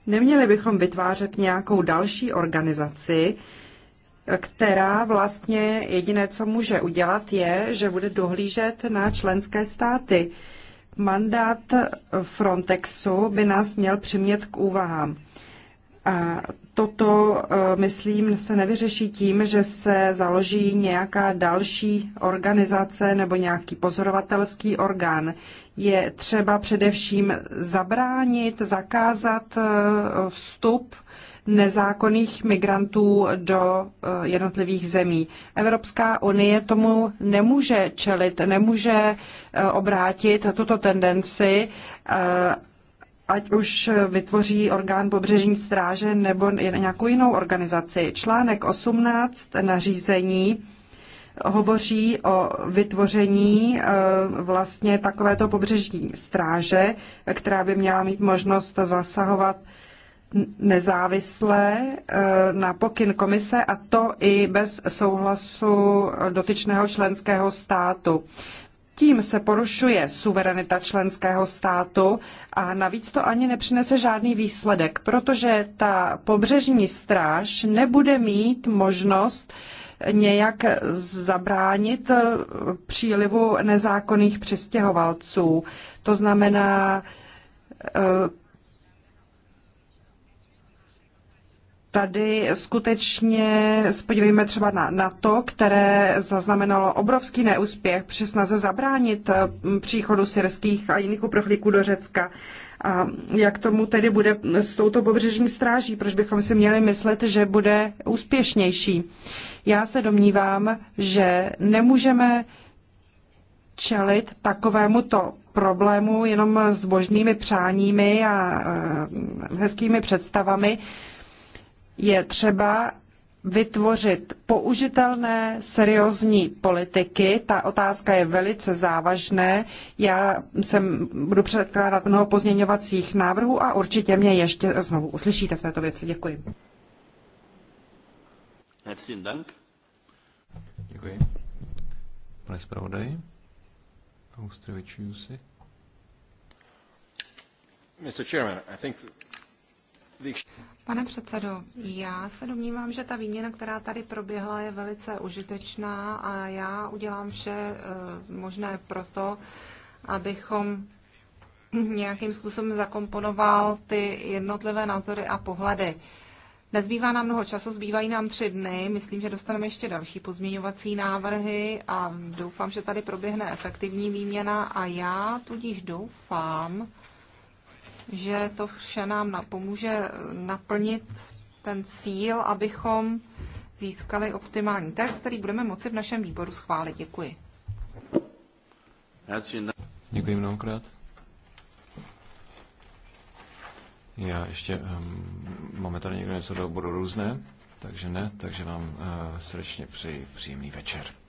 Neměli bychom vytvářet nějakou další organizaci, která vlastně jediné, co může udělat, je, že bude dohlížet na členské státy. Mandát Frontexu by nás měl přimět k úvahám. A toto, eh, myslím, se nevyřeší tím, že se založí nějaká další organizace nebo nějaký pozorovatelský orgán. Je třeba především zabránit, zakázat eh, vstup nezákonných migrantů do eh, jednotlivých zemí. Evropská unie tomu nemůže čelit, nemůže obrátit tuto tendenci ať už vytvoří orgán pobřežní stráže nebo nějakou jinou organizaci. Článek 18 nařízení hovoří o vytvoření eh, vlastně takovéto pobřežní stráže, která by měla mít možnost zasahovat nezávisle eh, na pokyn komise a to i bez souhlasu dotyčného členského státu. Tím se porušuje suverenita členského státu a navíc to ani nepřinese žádný výsledek, protože ta pobřežní stráž nebude mít možnost nějak zabránit eh, přílivu nezákonných přistěhovalců. To znamená, eh, Tady skutečně spodívejme třeba na, na to, které zaznamenalo obrovský neúspěch při snaze zabránit eh, příchodu syrských a jiných uprchlíků do Řecka. A jak tomu tedy bude s touto pobřežní stráží? Proč bychom si měli myslet, že bude úspěšnější? Já se domnívám, že nemůžeme čelit takovémuto problému jenom s božnými přáními a eh, hezkými představami. Je třeba vytvořit použitelné, seriózní politiky. Ta otázka je velice závažná. Já jsem budu předkládat mnoho pozměňovacích návrhů a určitě mě ještě znovu uslyšíte v této věci. Děkuji. Dank. Děkuji. Pane zpravodaj. Mr. Chairman, I think the... Pane předsedo, já se domnívám, že ta výměna, která tady proběhla, je velice užitečná a já udělám vše eh, možné proto, abychom nějakým způsobem zakomponoval ty jednotlivé názory a pohledy. Nezbývá nám mnoho času, zbývají nám tři dny. Myslím, že dostaneme ještě další pozměňovací návrhy a doufám, že tady proběhne efektivní výměna a já tudíž doufám, že to vše nám napomůže eh, naplnit ten cíl, abychom získali optimální text, který budeme moci v našem výboru schválit. Děkuji. Děkuji mnohokrát. Já ještě, um, máme tady někdo něco do oboru různé, takže ne, takže vám uh, srdečně přeji příjemný večer.